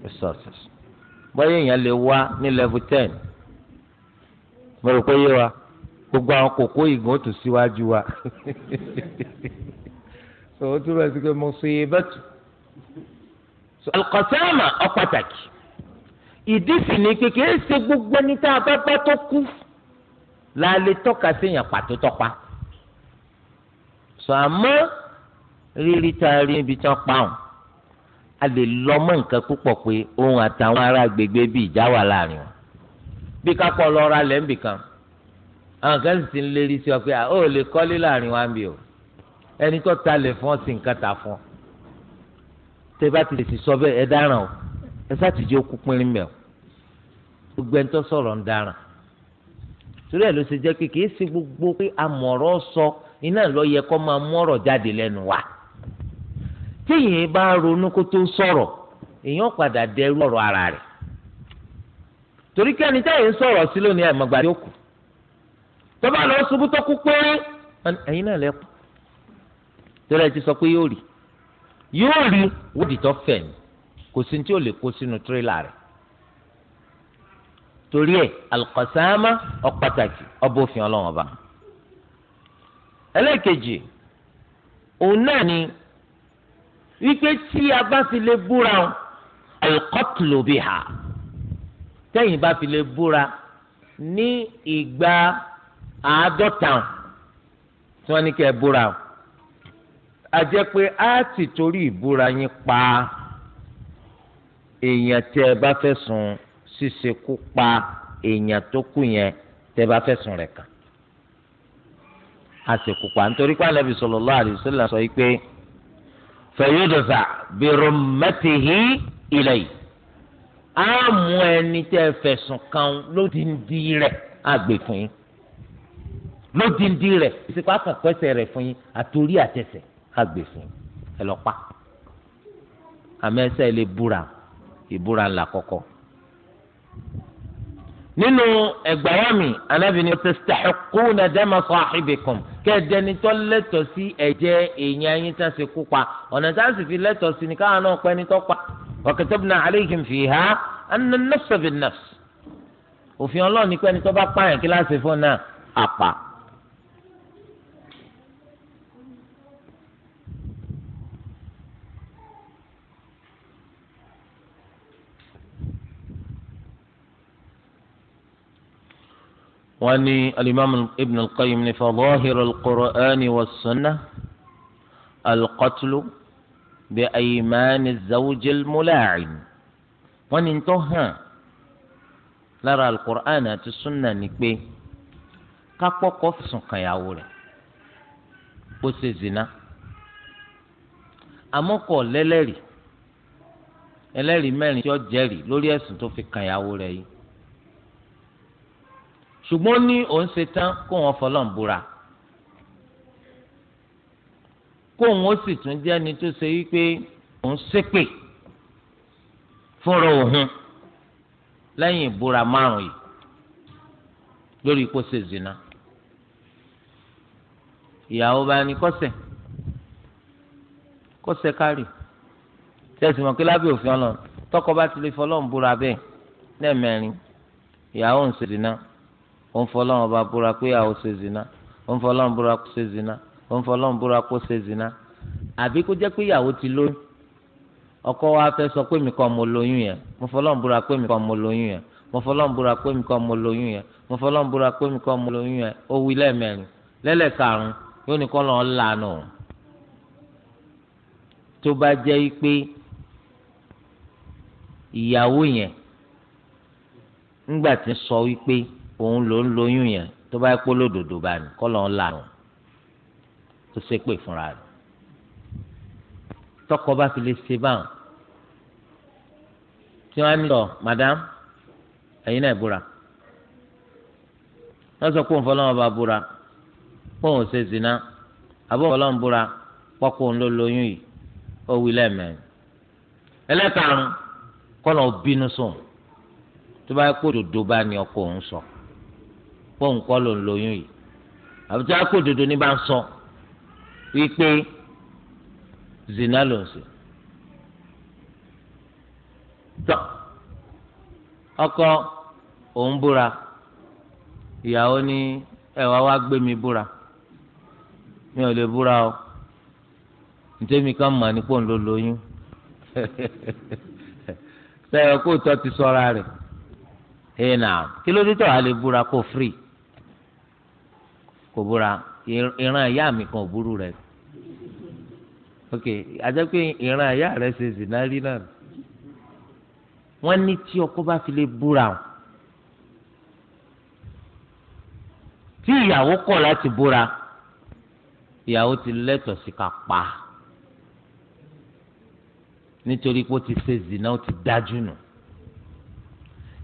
resources bọ́yá èèyàn lè wá ní level ten mo rò pé yé wa gbogbo àwọn kòkó ìgbọ́n ó tún síwájú wa so ó túbọ̀ sí pé mo sọ yé bẹ́tù alukọ̀sẹ́mà ọ pàtàkì ìdí sì ni pé ṣe gbogbo ẹni tá a bá bá tó kú la lè tọ́ka sí èèyàn pàtó tọ́pa sọ àmọ́ rírí tá a rí ibi tí wọ́n pa ọ́n a lè lọ mọ́ nǹkan púpọ̀ pé òun àtàwọn ará gbègbè bí ìjà wà láàrin wọn bí kápọ̀ lọ ra lẹ́ǹbì kan àwọn kan sì ti ń lérí sí ọ pé ó lè kọ́lé láàrin wa ń bì o ẹni tó ta lè fún ọ sí nǹkan tà fún ọ tẹ bá ti lè sọ bẹ́ẹ̀ ẹ dáràn o ẹ sátìjẹ́ okú pínrín mẹ́ o gbogbo ẹni tó sọ̀rọ̀ ń dáràn torí ẹ̀ ló ṣe jẹ́ pé kì í ṣe gbogbo pé amọ̀rọ̀ sọ iná lọ yẹ kó máa mú ọ̀rọ̀ jáde lẹ́nu wa. téèyàn bá ronú kó tó sọ̀rọ̀ èèyàn padà dẹrú ọ̀rọ̀ ara rẹ̀ torí kí ẹni táyà ń sọ̀rọ̀ sí lónìí àmọ̀gbà yóò kù tọ́ba lọ ṣubú tó kú péré ẹyin náà lẹ́kọ̀ọ́ torí ẹ ti sọ pé yóò rí yóò rí wọ́ọ̀dì tó fẹ̀ ni kò sí tí ò lè kó sínú tírélà rẹ̀ torí ẹ alùkọ̀sáàmà ọ̀pàtàkì ọba òfin ọlọ́wọ́n ọba ẹlẹ́ẹ̀kejì òun náà ni. wípé tí a bá fi lè búra o alqatlu biha tẹ́yìn bá fi lè búra ní ìgbà àádọ́ta tí wọ́n ní kẹ́ ẹ búra o a jẹ́ pé a ti torí ìbúra yín pa èèyàn tẹ́ ẹ bá fẹ́ sùn ṣíṣe kú pa èèyàn tó kù yẹn tẹ́ bá fẹ́ sùn rẹ̀ kàn a sì kú pa nítorí pé Ànábì sallallahu sọ yìí pé fẹ̀yọ́dọ̀sà bìrọ̀mẹ́tìhì ilẹ̀ yìí á mú ẹni tẹ́ ẹ fẹ̀sùn kan lódìndí rẹ̀ àgbè fún yín lódìndí rẹ̀ ìsìnkú akàkọ́sẹ̀ rẹ̀ fún yín àtòrí àtẹsẹ̀ àgbè fún yín ẹ lọ pa àmẹ́sẹ̀ lè búra ìbúra ńlá kọ́kọ́ nínú ẹgbàáyàmì anábìíní tastahiqquna dama sahibikum kẹ́ẹ̀dẹ́ni tó lẹ́tọ̀ sí ẹ̀jẹ̀ èèyàn yín tá a ṣe kú pa ọ̀nà tá a sì fi lẹ́tọ̀ sí ni káwọn náà pẹ́ni tó pa wa katabna alayhim fiha anna an-nafsa bin-nafs òfin ọlọ́ọ̀ni pẹ́ni tó bá pààyàn kí fún náà àpà wọ́n ní alimami ibn al-qayyim ní fadhahir al-qur'an wa sunna al-qatlu bi aymani zawji al-mula'in wọ́n ní tó hàn lára al-qur'an àti sunna ni pé kápọ́kọ́ sùn kàyàwó rẹ̀ kó ṣe zina amọ́kọ̀ lẹ́lẹ́rìí ẹlẹ́rìí mẹ́rin tí ó jẹ́rìí lórí ẹ̀sùn tó fi kàyàwó rẹ̀ yìí ṣùgbọ́n ní òun ṣe tán kó wọn fọlọ́n búra kó wọn ó sì tún jẹ́ ẹni tó ṣe wípé òun ṣépè fúnra òun lẹ́yìn ìbúra márùn yìí lórí kó ṣe zina ìyàwó bá ní kọ́sẹ̀ kọ́sẹ̀ kárì tẹ̀sí mọ̀ kí lábẹ́ òfin ọlọ́run tọkọ bá ti lè fọlọ́n búra bẹ́ẹ̀ lẹ́ẹ̀mẹrin ìyàwó ń ṣe zina ó ń fọlọ́run ọba búra pé àwọn ṣe zina ó ń fọlọ́run búra kó ṣe zina ó ń fọlọ́run búra kó ṣe zina àbí kó jẹ́ pé ìyàwó ti lóyún ọkọ wa fẹ́ sọ pé mi kàn mo lóyún yẹn mo fọlọ́run búra pé mi kàn mo lóyún yẹn mo fọlọ́run búra pé mi kàn mo lóyún yẹn mo fọlọ́run búra pé mi kàn mo lóyún yẹn ó wí lẹ́ẹ̀mẹrin lẹ́lẹ́karùn yóò ní kọ́ lọ́ọ́ lànà tó bá jẹ́ pé ìyàwó yẹn ńgbà tí ń sọ wípé òun ló ń lóyún yẹn tó bá pọ́ lódòdó bá ní kọ́ lọ́n lànà tó ṣépè fúnra rẹ̀ tọkọ bá fi lè ṣe báwọn tí wọ́n á ní sọ madam ẹ̀yin náà búra wọ́n sọ pé òun fọlọ́wọ́n bá búra pé òun ṣe zina àbọ̀ fọlọ́wọ́n búra pọ́kọ́ òun ló lóyún yìí ó wí lẹ́ẹ̀mẹ́rin ẹlẹ́karùn-ún bínú sùn tó bá pọ́ lódòdó bá ní òun sọ. So pọ́ùn kọ́ ló ń lóyún yìí àbúté akódodo ní bá ń sọ wípé zina ló ń ṣe. ọkọ òun búra ìyàwó ni wá mi búra mi ò lè búra o ntẹ́mi kan mà ní pọ́ùn ló lóyún sẹ́yìn kó ti sọ́ra rẹ̀ rị. kí ló dé tọ́ a lè búra kó kò búra ìran ìyá mi kan ò burú rẹ̀ ok àti pé ìran ìyá rẹ̀ ṣe zinari náà wọ́n ní tí ọkọ bá fi lè búra o tí ìyàwó kọ̀ láti búra ìyàwó ti lẹ́tọ̀ọ́ sí ká pa nítorí pé ó ti ṣe zina ó ti dájú nù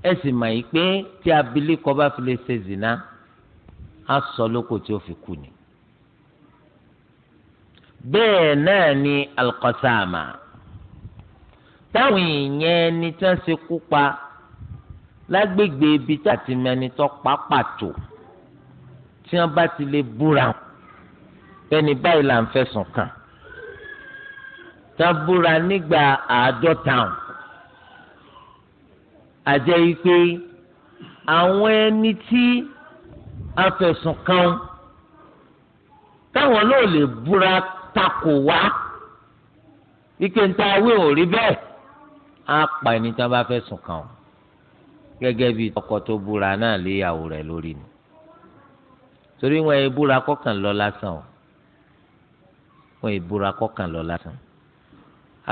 ẹ sì mọ̀ yìí pé tí abilékọ bá fi lè ṣe zina á sọ lóko tí ó fi kú ni. bẹ́ẹ̀ náà ni alkọ́sàmà táwọn èèyàn ẹni tí wọ́n ṣe kú pa lágbègbè ibi tí àti mẹ́nitọ́ pa pàtó tí wọ́n bá ti lè búra ẹni báyìí là ń fẹ̀sùn kàn tá búra nígbà àádọ́ta àjẹ́ yìí pé àwọn ẹni tí afẹ̀sùn kan táwọn náà lè búra takò wá ike ń ta awé ò rí bẹ́ẹ̀ á pa ẹni tí wọ́n bá fẹ̀sùn kan o gẹ́gẹ́ bí ọkọ tó búra náà léyàwó rẹ̀ lórí ni torí wọn ì búra lọ lásán wọn ì búra lọ lásán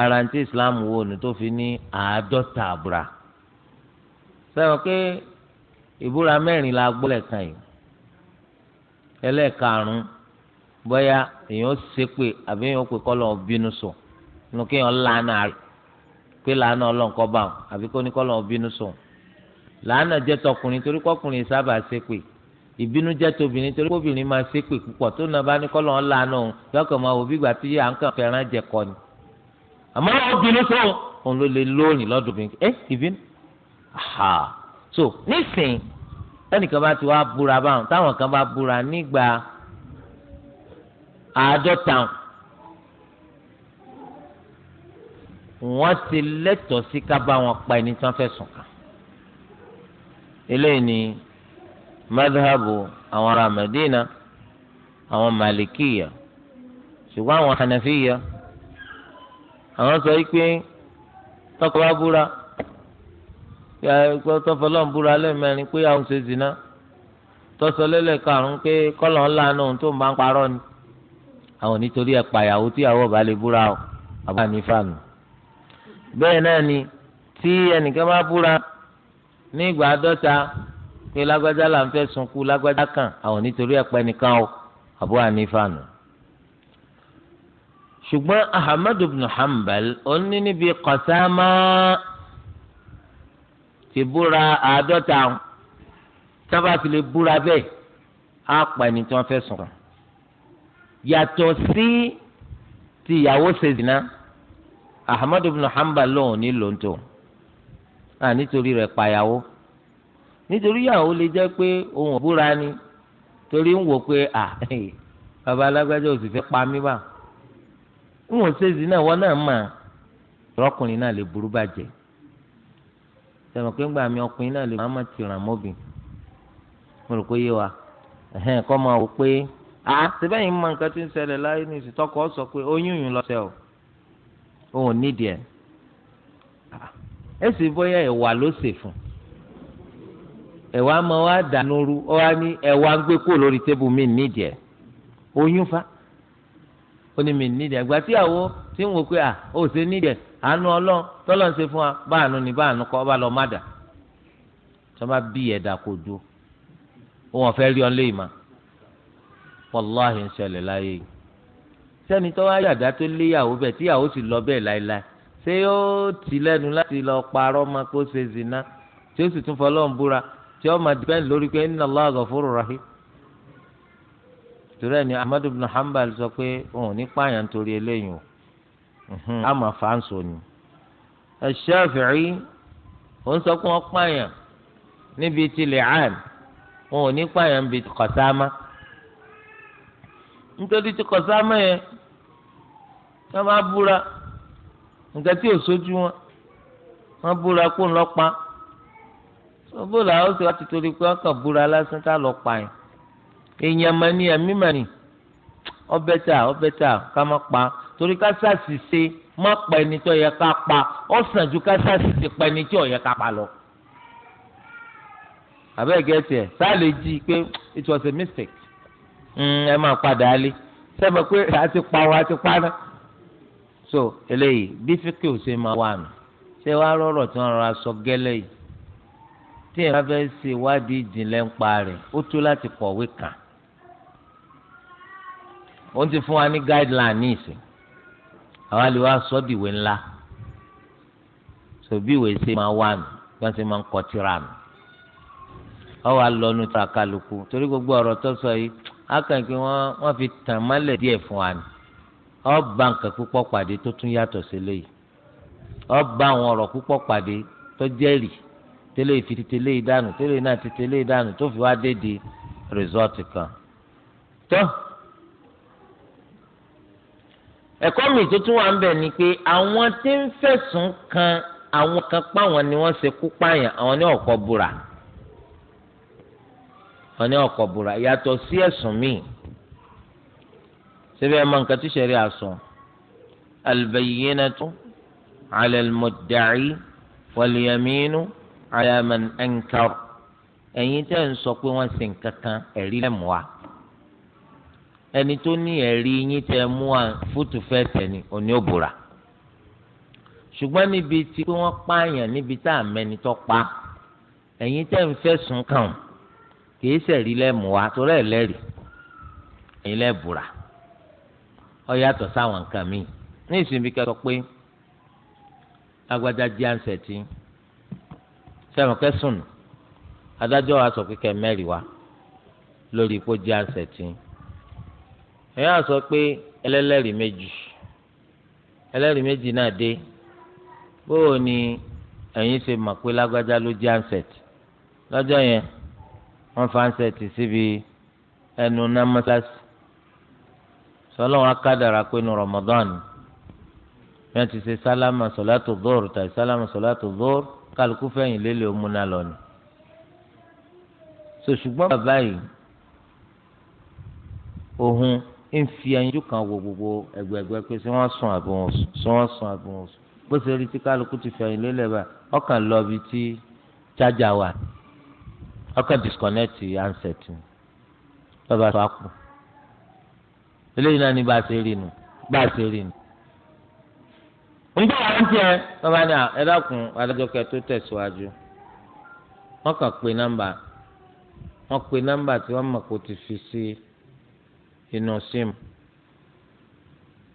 ara ti Islam wo ni tó fi ní àádọ́ta àbúra sẹ́wọ̀n pé ìbúra mẹ́rin la gbọ́lẹ̀ kan yìí ẹlẹ́ẹ̀karùn-ún bóyá èèyàn ṣépè àbí èèyàn pè kọ́ lọ́wọ́ bínú sùn nínú kéèyàn lánà rẹ̀ pé lánà ọlọ́nkọ́ bá wọn àbí kó ní kọ́ lọ́wọ́ bínú sùn lánà jẹ́ tọkùnrin torí kọ́kùnrin sábà ṣépè ìbínú jẹ́ tóbìnrin torí kóbìnrin máa ṣépè púpọ̀ tó náà bá ní kọ́ lọ́wọ́ lánà òun yọkọ̀ máa wò bígbà tí à ń kàn fẹ́ràn jẹ kọ́ ni àmọ́ lọ́wọ́ bínú sùn òun ló lè lóòrìn lọ́dún tẹnìkan bá ti wá búra báwọn táwọn kan bá búra nígbà àádọ́ta wọ́n ti lẹ́tọ̀ọ́ sí ká bá wọn pa ẹni tí wọ́n fẹ̀sùn kàn eléyìí ni madhabu àwọn ará Madina àwọn malikiya ṣùgbọ́n àwọn hanafiya àwọn sọ wípé tọkọ bá búra tọ́fọlọ́n búra lẹ́mẹ̀rin pé àwọn ṣe zina tọ́sọ lẹ́lẹ̀ karùn-ún pé kọ́lọ̀ ńlá náà tó ń bá ń parọ́ ni àwọn nítorí ẹ̀ pàyàwó tí àwọn ọba lè búra o àbúrò ànífàánù. bẹ́ẹ̀ náà ni tí ẹnìkan bá búra ní ìgbà àádọ́ta pé lágbájá là ń fẹ́ sunkú lágbájá kan àwọn nítorí ẹ̀ pẹ́nìkan o àbúrò ànífàánù. ṣùgbọ́n Ahmad ibn Hanbal ó ní níbi Qasama ti búra àádọ́ta àwọn sábà fi lè búra bẹ́ẹ̀ á pa ẹni tí wọ́n fẹ́ sọ̀rọ̀ yàtọ̀ sí ti ìyàwó ṣèzìnà Ahmad ibn Hanbal lòun ní lòńtò à nítorí rẹ̀ payàwó nítorí ìyàwó lè jẹ́ pé òun ò búra ni torí ń wò pé à bàbá alágbájá ò sì fẹ́ pa mí bá ń wò ṣèzìnà wọn náà mà rọkùnrin náà lè burú bàjẹ́ sẹ̀mọ̀ pé ńgbà mi ọkùnrin náà lè máa ma ti ràn mọ́bìn mo rò pé yé wa kọ́ máa wò pé a síbẹ̀ yìí mọ nǹkan tí ń ṣẹlẹ̀ láyé ní ìsìn tọkọ sọ pé lọ́sẹ̀ o òun nídìí ẹ̀ bóyá ẹ̀wà tí ń a pé à ó ṣe níjẹ àánú ọlọ́run tọ́lọ́ ń ṣe fún ni báànú kọ́ ọba lọ má dà tí wọ́n bá bí ẹ̀dà kò ju wọn fẹ́ rí ọ ma wàláhì ń ṣẹlẹ̀ láyé sẹ́ni tó wá yàdá tó léyàwó bẹ̀ tíyàwó sì lọ bẹ́ẹ̀ láéláé ṣé yóò ti lẹ́nu láti lọ parọ́ ma kó ṣe zina tí ó sì tún fọlọ́run búra tí ó máa dìbẹ́ǹ lórí pé inna Allah ghafurur rahim sọ pé òun ní pààyàn torí o Mhm. àmọ́ fáńsọ ni Ṣáfi'í ó ń sọ pé wọ́n pààyàn níbi tí lẹ́hàn wọn ò ní pààyàn bíi kọ̀sámá nítorí tí kọ̀sámá yẹn wọ́n bá búra nǹkan tí ò sójú wọn wọ́n búra kó ń lọ pa bó làwọn sì wá ti torí pé wọ́n búra lásán tá lọ pa yẹn èèyàn mọ ni ẹ̀mí mọ ni ọbẹ̀ tà ọbẹ̀ tà ká má pa torí ká ṣàṣìṣe má pa ẹni tó yẹ ká pa ó sàn ju ká ṣàṣìṣe pa ẹni tí ò yẹ ká pa lọ. àbẹ́ẹ̀gẹ́ tiẹ̀ sáà jí pé it was a mistake hmm, ẹ máa padà alé sẹ́mi pé a ti pa wọn a ti pa náà. so eléyìí bí fíkì ò ṣe máa wà nù ṣé wàá rọrọ̀ tí wọ́n rọra sọ gẹ́lẹ́ yìí tí ẹ bá fẹ́ ṣe wádìí ìjìnlẹ̀ ń pa rẹ̀ ó tó láti kọ̀wé kàn. ó ti fún wa ní guideline ní ìsìn àwọn àlè wa sọ dìwé ńlá sòbí ìwé ṣe máa wà nù bí wọ́n ṣe máa ń kọ tírà nù ọ wà lọ́nu tó àkàlùkù torí gbogbo ọ̀rọ̀ tó sọ yìí akàn kí wọ́n wọ́n fi tàn mọ́lẹ̀ díẹ̀ fún wa ni ọ bá nǹkan púpọ̀ pàdé tó tún yàtọ̀ sí léyìí ọ bá àwọn ọ̀rọ̀ púpọ̀ pàdé tó jẹ́rìí tẹ́lẹ̀ fi tẹ́lẹ̀ ìdánù tẹ́lẹ̀ náà ti tẹ́lẹ̀ ìdánù tó fi wá dédìí rìsọ́ọ̀tì kan tó. So, ẹ̀kọ́ mi tó tún wà ń bẹ̀ ni pé àwọn tí ń fẹ̀sùn kan àwọn kan páwọn ni wọ́n ṣekú pààyàn àwọn ní ọ̀kọ́ búra àwọn ní ọ̀kọ́ búra yàtọ̀ sí ẹ̀sùn míì síbẹ̀ ẹ̀ mọ nǹkan tí sẹ́rí àsọ albayyinatu ala almudda'i walyaminu ankar ẹ̀yin tẹ́ ń sọ pé wọ́n ṣe nǹkan kan ẹ̀rí lẹ́mùá ẹni tó ní ẹ̀rí yín tẹ mú à fútù fẹ́ tẹ̀lé òní òbúra ṣùgbọ́n níbi tí wọ́n pààyàn níbi tá a mẹ́ni tó pa ẹ̀yin tẹ́ ń fẹ̀sùn kàn kìí sẹ̀rí lẹ́mú wa torí ẹ̀ lẹ́rìí ẹ̀yin lẹ́bùrà ọ yàtọ̀ sáwọn nǹkan míì ní ìsinmi kẹsọ pé agbada di ansẹ̀tì sẹ́wọ̀n kẹsùn adájọ́ wa sọ pé kẹ mẹ́rìí wa lórí ipò di ansẹ̀tì ẹ yà sọ pé ẹlẹ́lẹ́rìí méjì ẹlẹ́rìí méjì náà dé bóò ni ẹ̀yin ṣe mọ̀ pé lágbájá ló jẹ́ ansẹ̀t lọ́jọ́ yẹn wọ́n fa ansẹ̀t síbi ẹnu náà mọ́sáàsì sọlọ́wọ́n akádàrà pé nu Ramadan yẹn ti ṣe sálámà sọ̀látò dọ́ọ̀rù tàbí sálámà sọ̀látò dọ́ọ̀rù kálukú fẹ̀yìn lélẹ̀ òmùnà lọ́nà sòṣùgbọ́n bàbá yìí òhun ń fi ẹyinjú kan wo gbogbo ẹgbẹgbẹ pé ṣé wọn sùn àbí wọn sùn ṣé wọn sùn àbí wọn sùn bó ṣe rí tí kálukú ti fẹ̀yìn lélẹ̀ bá ọkàn lọ bí tí chájà wà ọkàn disconnect handset ni lọba tó àpò eléyìí náà ní bá a ṣe rí nu bá a ṣe rí nu. nígbà wà ń tiẹ̀ lọba ní ẹ adájọkẹ tó tẹ̀síwájú wọn kàn pé nọ́mbà wọn pé nọ́mbà tí wọn mọ̀ kó ti fi sí i inú sim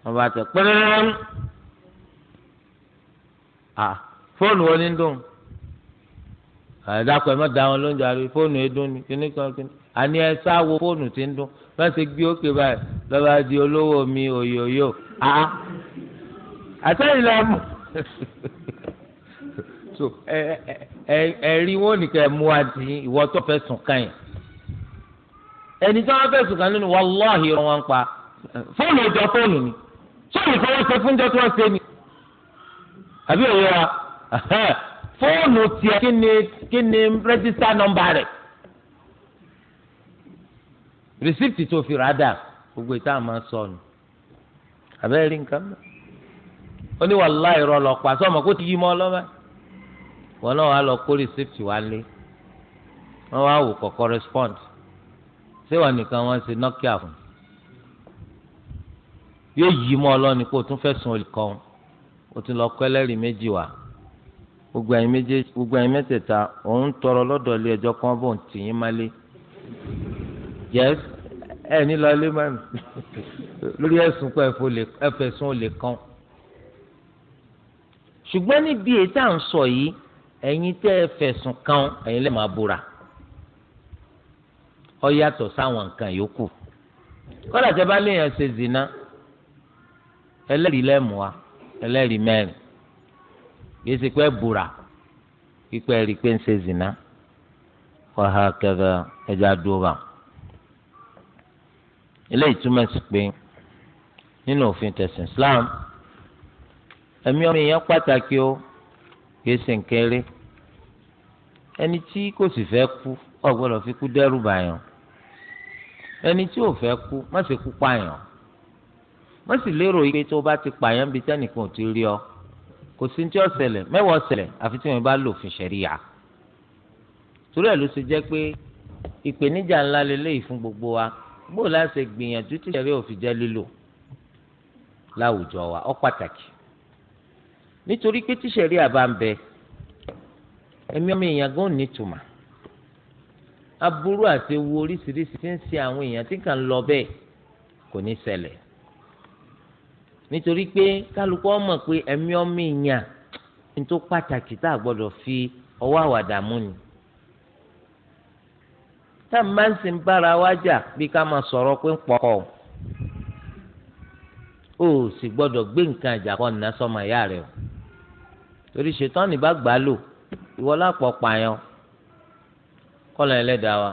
wọn bá tẹ pẹrẹrẹrẹm à fóònù wo ni dùn àdàkọ ẹ má da wọn lóúnjẹ àrí fóònù yẹn dùn ni kíní kan kíní àní ẹ sá wo fóònù tí ń dùn bá ṣe gbé òkè báyìí lọ́ba di olówó mi òyòyò à àtẹ̀yìn lọ mú so ẹ ẹ ẹ rí wọn nìkan ẹ mú wa di ìwọ tó fẹ́ sùn káyìn. ẹni tí wọ́n fẹ̀sùn kàn nínú wàláhì irun wọn pa fóònù ìjọ fóònù ni fóònù tí wọ́n ṣe fúnjọ tí wọ́n ṣe ni àbí òye wa fóònù tiẹ̀ kí ni kí ni rẹ́jísítà nọ́mbà rẹ̀ rìsíptì tó fi rà dà gbogbo ìta máa sọ nù àbẹ́rẹ́ rí nǹkan mọ́ ó ní wàláhì irọ́ lọ pa sọ́mọ kó ti yí mọ́ lọ́wọ́ wọn náà wà lọ kó rìsíptì wá lé wọn wá wò kọ́ correspond. síwọ̀n nìkan wọ́n ṣe nọ́kíà fún yóò yí mọ́ ọlọ́ni kó o tún fẹ́ sun olùkọ́ o tún lọ kọ́ ẹlẹ́rìí méjì wá gbogbo ẹ̀yin mẹ́tẹ̀ẹ̀ta òun tọrọ lọ́dọ̀ ilé ẹjọ́ kan bò ń tì yín málé yes ẹ ní lọ ilé mẹ́rin lórí ẹ̀sùn pé ẹ̀fẹ̀sùn olè kan ṣùgbọ́n níbi èyí tá à ń sọ yìí ẹ̀yin tẹ́ ẹ fẹ̀sùn kan ẹ̀yin lè máa búra ọ yàtọ̀ sáwọn nǹkan yòókù kọ́dà tẹ bá léèyàn ṣe zina ẹlẹ́rìí lẹ́mùú wa ẹlẹ́rìí mẹ́rin yìí sì pé bùrà pípẹ́ rí i pé ń ṣe zina wàhà kẹfẹ ẹja dúró ilé ìtumọ̀ sí pé nínú òfin tẹ̀sán Islam ẹ̀mí ọmọ èèyàn pàtàkì ó kìí ṣe nkẹ́rẹ́ ẹni tí kò sì fẹ́ kú ọ gbọ́dọ̀ fi kú dẹ́rù bàyàn ẹni tí ò fẹ́ kú má ṣe kú pààyàn má sì lérò yìí pé tó bá ti pààyàn bíi tẹ́nìkan ò ti rí ọ kò sí tí ó ṣẹlẹ̀ mẹ́wàá ṣẹlẹ̀ àfi tí wọ́n bá lòfin ṣẹ̀ríyà torí ẹ̀ ló ṣe jẹ́ pé ìpèníjà ńlá lélẹ́yìí fún gbogbo wa gbọ́dọ̀ láti gbìyànjú tí ṣẹ̀rí òfin jẹ́ lílò láwùjọ wa ó pàtàkì nítorí pé tí àbá ń bẹ ẹ̀mí ọmọ èèyàn gan ò ní aburú àti ewu oríṣiríṣi ti ń ṣe àwọn èèyàn tí kàn lọ bẹ́ẹ̀ kò ní ṣẹlẹ̀ nítorí pé kálukú mọ̀ pé ẹ̀mí ọmọ èèyàn ní tó pàtàkì tá a gbọ́dọ̀ fi ọwọ́ àwàdà mú ni tá a máa ń sin bára wa jà bí ká máa sọ̀rọ̀ pé ń pọ̀ ọ́ o sì gbọ́dọ̀ gbé nǹkan àjàkọ́ nà sọ́mọ ìyá rẹ̀ o torí ṣètọ́ni bá gbà lò ìwọ lápọ̀ pààyàn kọ́lọ̀ ẹlẹ́dàá wa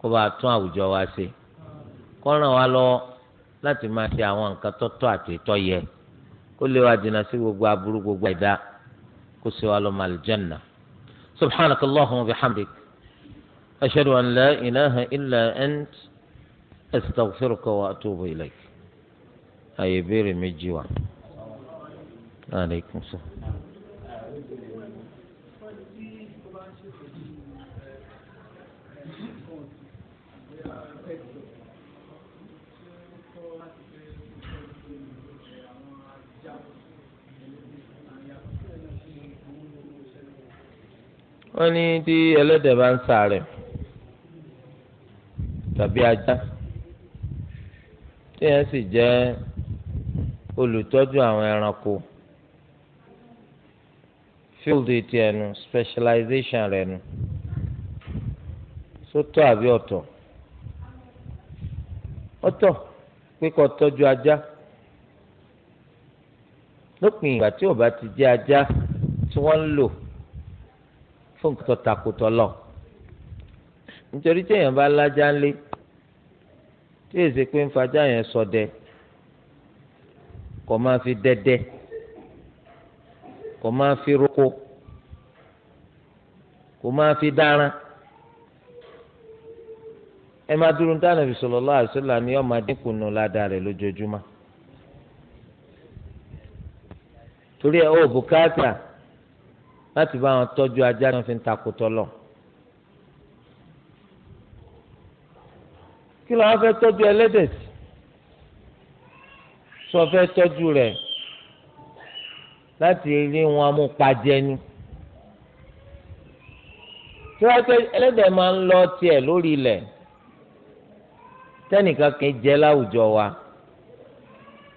kó bá tún àwùjọ wa ṣe kó ràn wá lọ́wọ́ láti máa ṣe àwọn nǹkan tọ́tọ́ àti tọ́ yẹ kó lè wá dènà sí gbogbo aburú gbogbo ẹ̀dá kó ṣe wá lọ́mọ àlùjànnà subhanaka allahumma wa bihamdik ashhadu an la ilaha illa ant astaghfiruka wa atubu ilayk àyè ìbéèrè méjì wa. aleykum salaam. wọ́n ní tí ẹlẹ́dẹ̀ bá ń sàárẹ̀ tàbí ajá tí yẹn sì jẹ́ olùtọ́jú àwọn ẹranko fíldì ti ẹnu specialization rẹ nu sótọ́ àbí ọ̀tọ̀ ọ̀tọ̀ pé kó tọ́jú ajá lópin ìgbà tí ó bá ti jẹ́ ajá tí wọ́n ń lò fún nǹkan takùtọ̀ lọ nítorí téèyàn bá lájà ńlé tí èsì pé ń fajá yẹn ṣọdẹ kò máa fi dẹdẹ kò máa fi roko kò máa fi dára ẹ máa dúró dáná fi sallallahu alaihi wasallam ni ọmọ adínkù nù ládàá rẹ lójoojúmọ́ torí ẹ ó bùkátà láti bá wọn tọ́jú ajá tí wọ́n fi ń takòtọ́ lọ. kí ló wá fẹ́ tọ́jú ẹlẹ́dẹ̀ sí sọ fẹ́ tọ́jú rẹ̀ láti rí wọn mú pàjẹ́ ni tí wọ́n fẹ́ ẹlẹ́dẹ̀ máa ń lọ tiẹ̀ lórí ilẹ̀ tẹ́nìkan kì í jẹ́ láwùjọ wa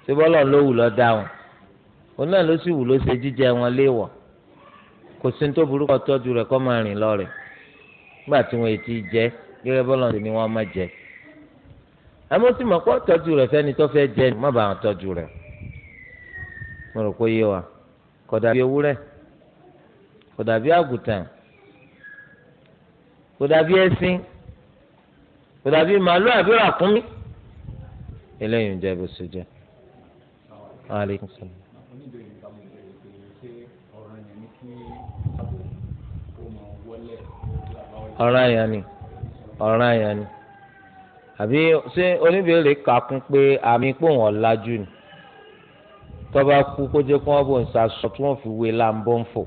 ṣé bọ́lọ̀ ló wù lọ́ọ́ wọn òun náà ló sì wù ló ṣe jíjẹ wọn léèwọ̀ kò sí tó burú kó tọ́jú rẹ̀ kó máa rìn lọ rẹ̀ nígbà tí wọ́n ti jẹ gẹ́gẹ́ bọ́lá ni wọ́n máa jẹ àmọ́ tí mo kọ́ tọ́jú rẹ̀ fẹ́ni tó fẹ́ jẹ má bàa tọ́jú rẹ̀ mo rò pé yé wa kò dàbí ewúrẹ́ kò dàbí àgùntàn kò dàbí ẹṣin kò dàbí màálù àbí ràkúnmí eléyìí ń jẹ bó ṣe jẹ. Alaikum salaam. ọ̀ràn ya ni ọ̀ràn ya ni àbí ṣé oníbèrè kakún pé àmì pòun ọ̀làjú ni tọ́ba kú kó jẹ́ kó wọ́n bò ń sasọ tí wọ́n fi wé láǹbọ̀ ń fò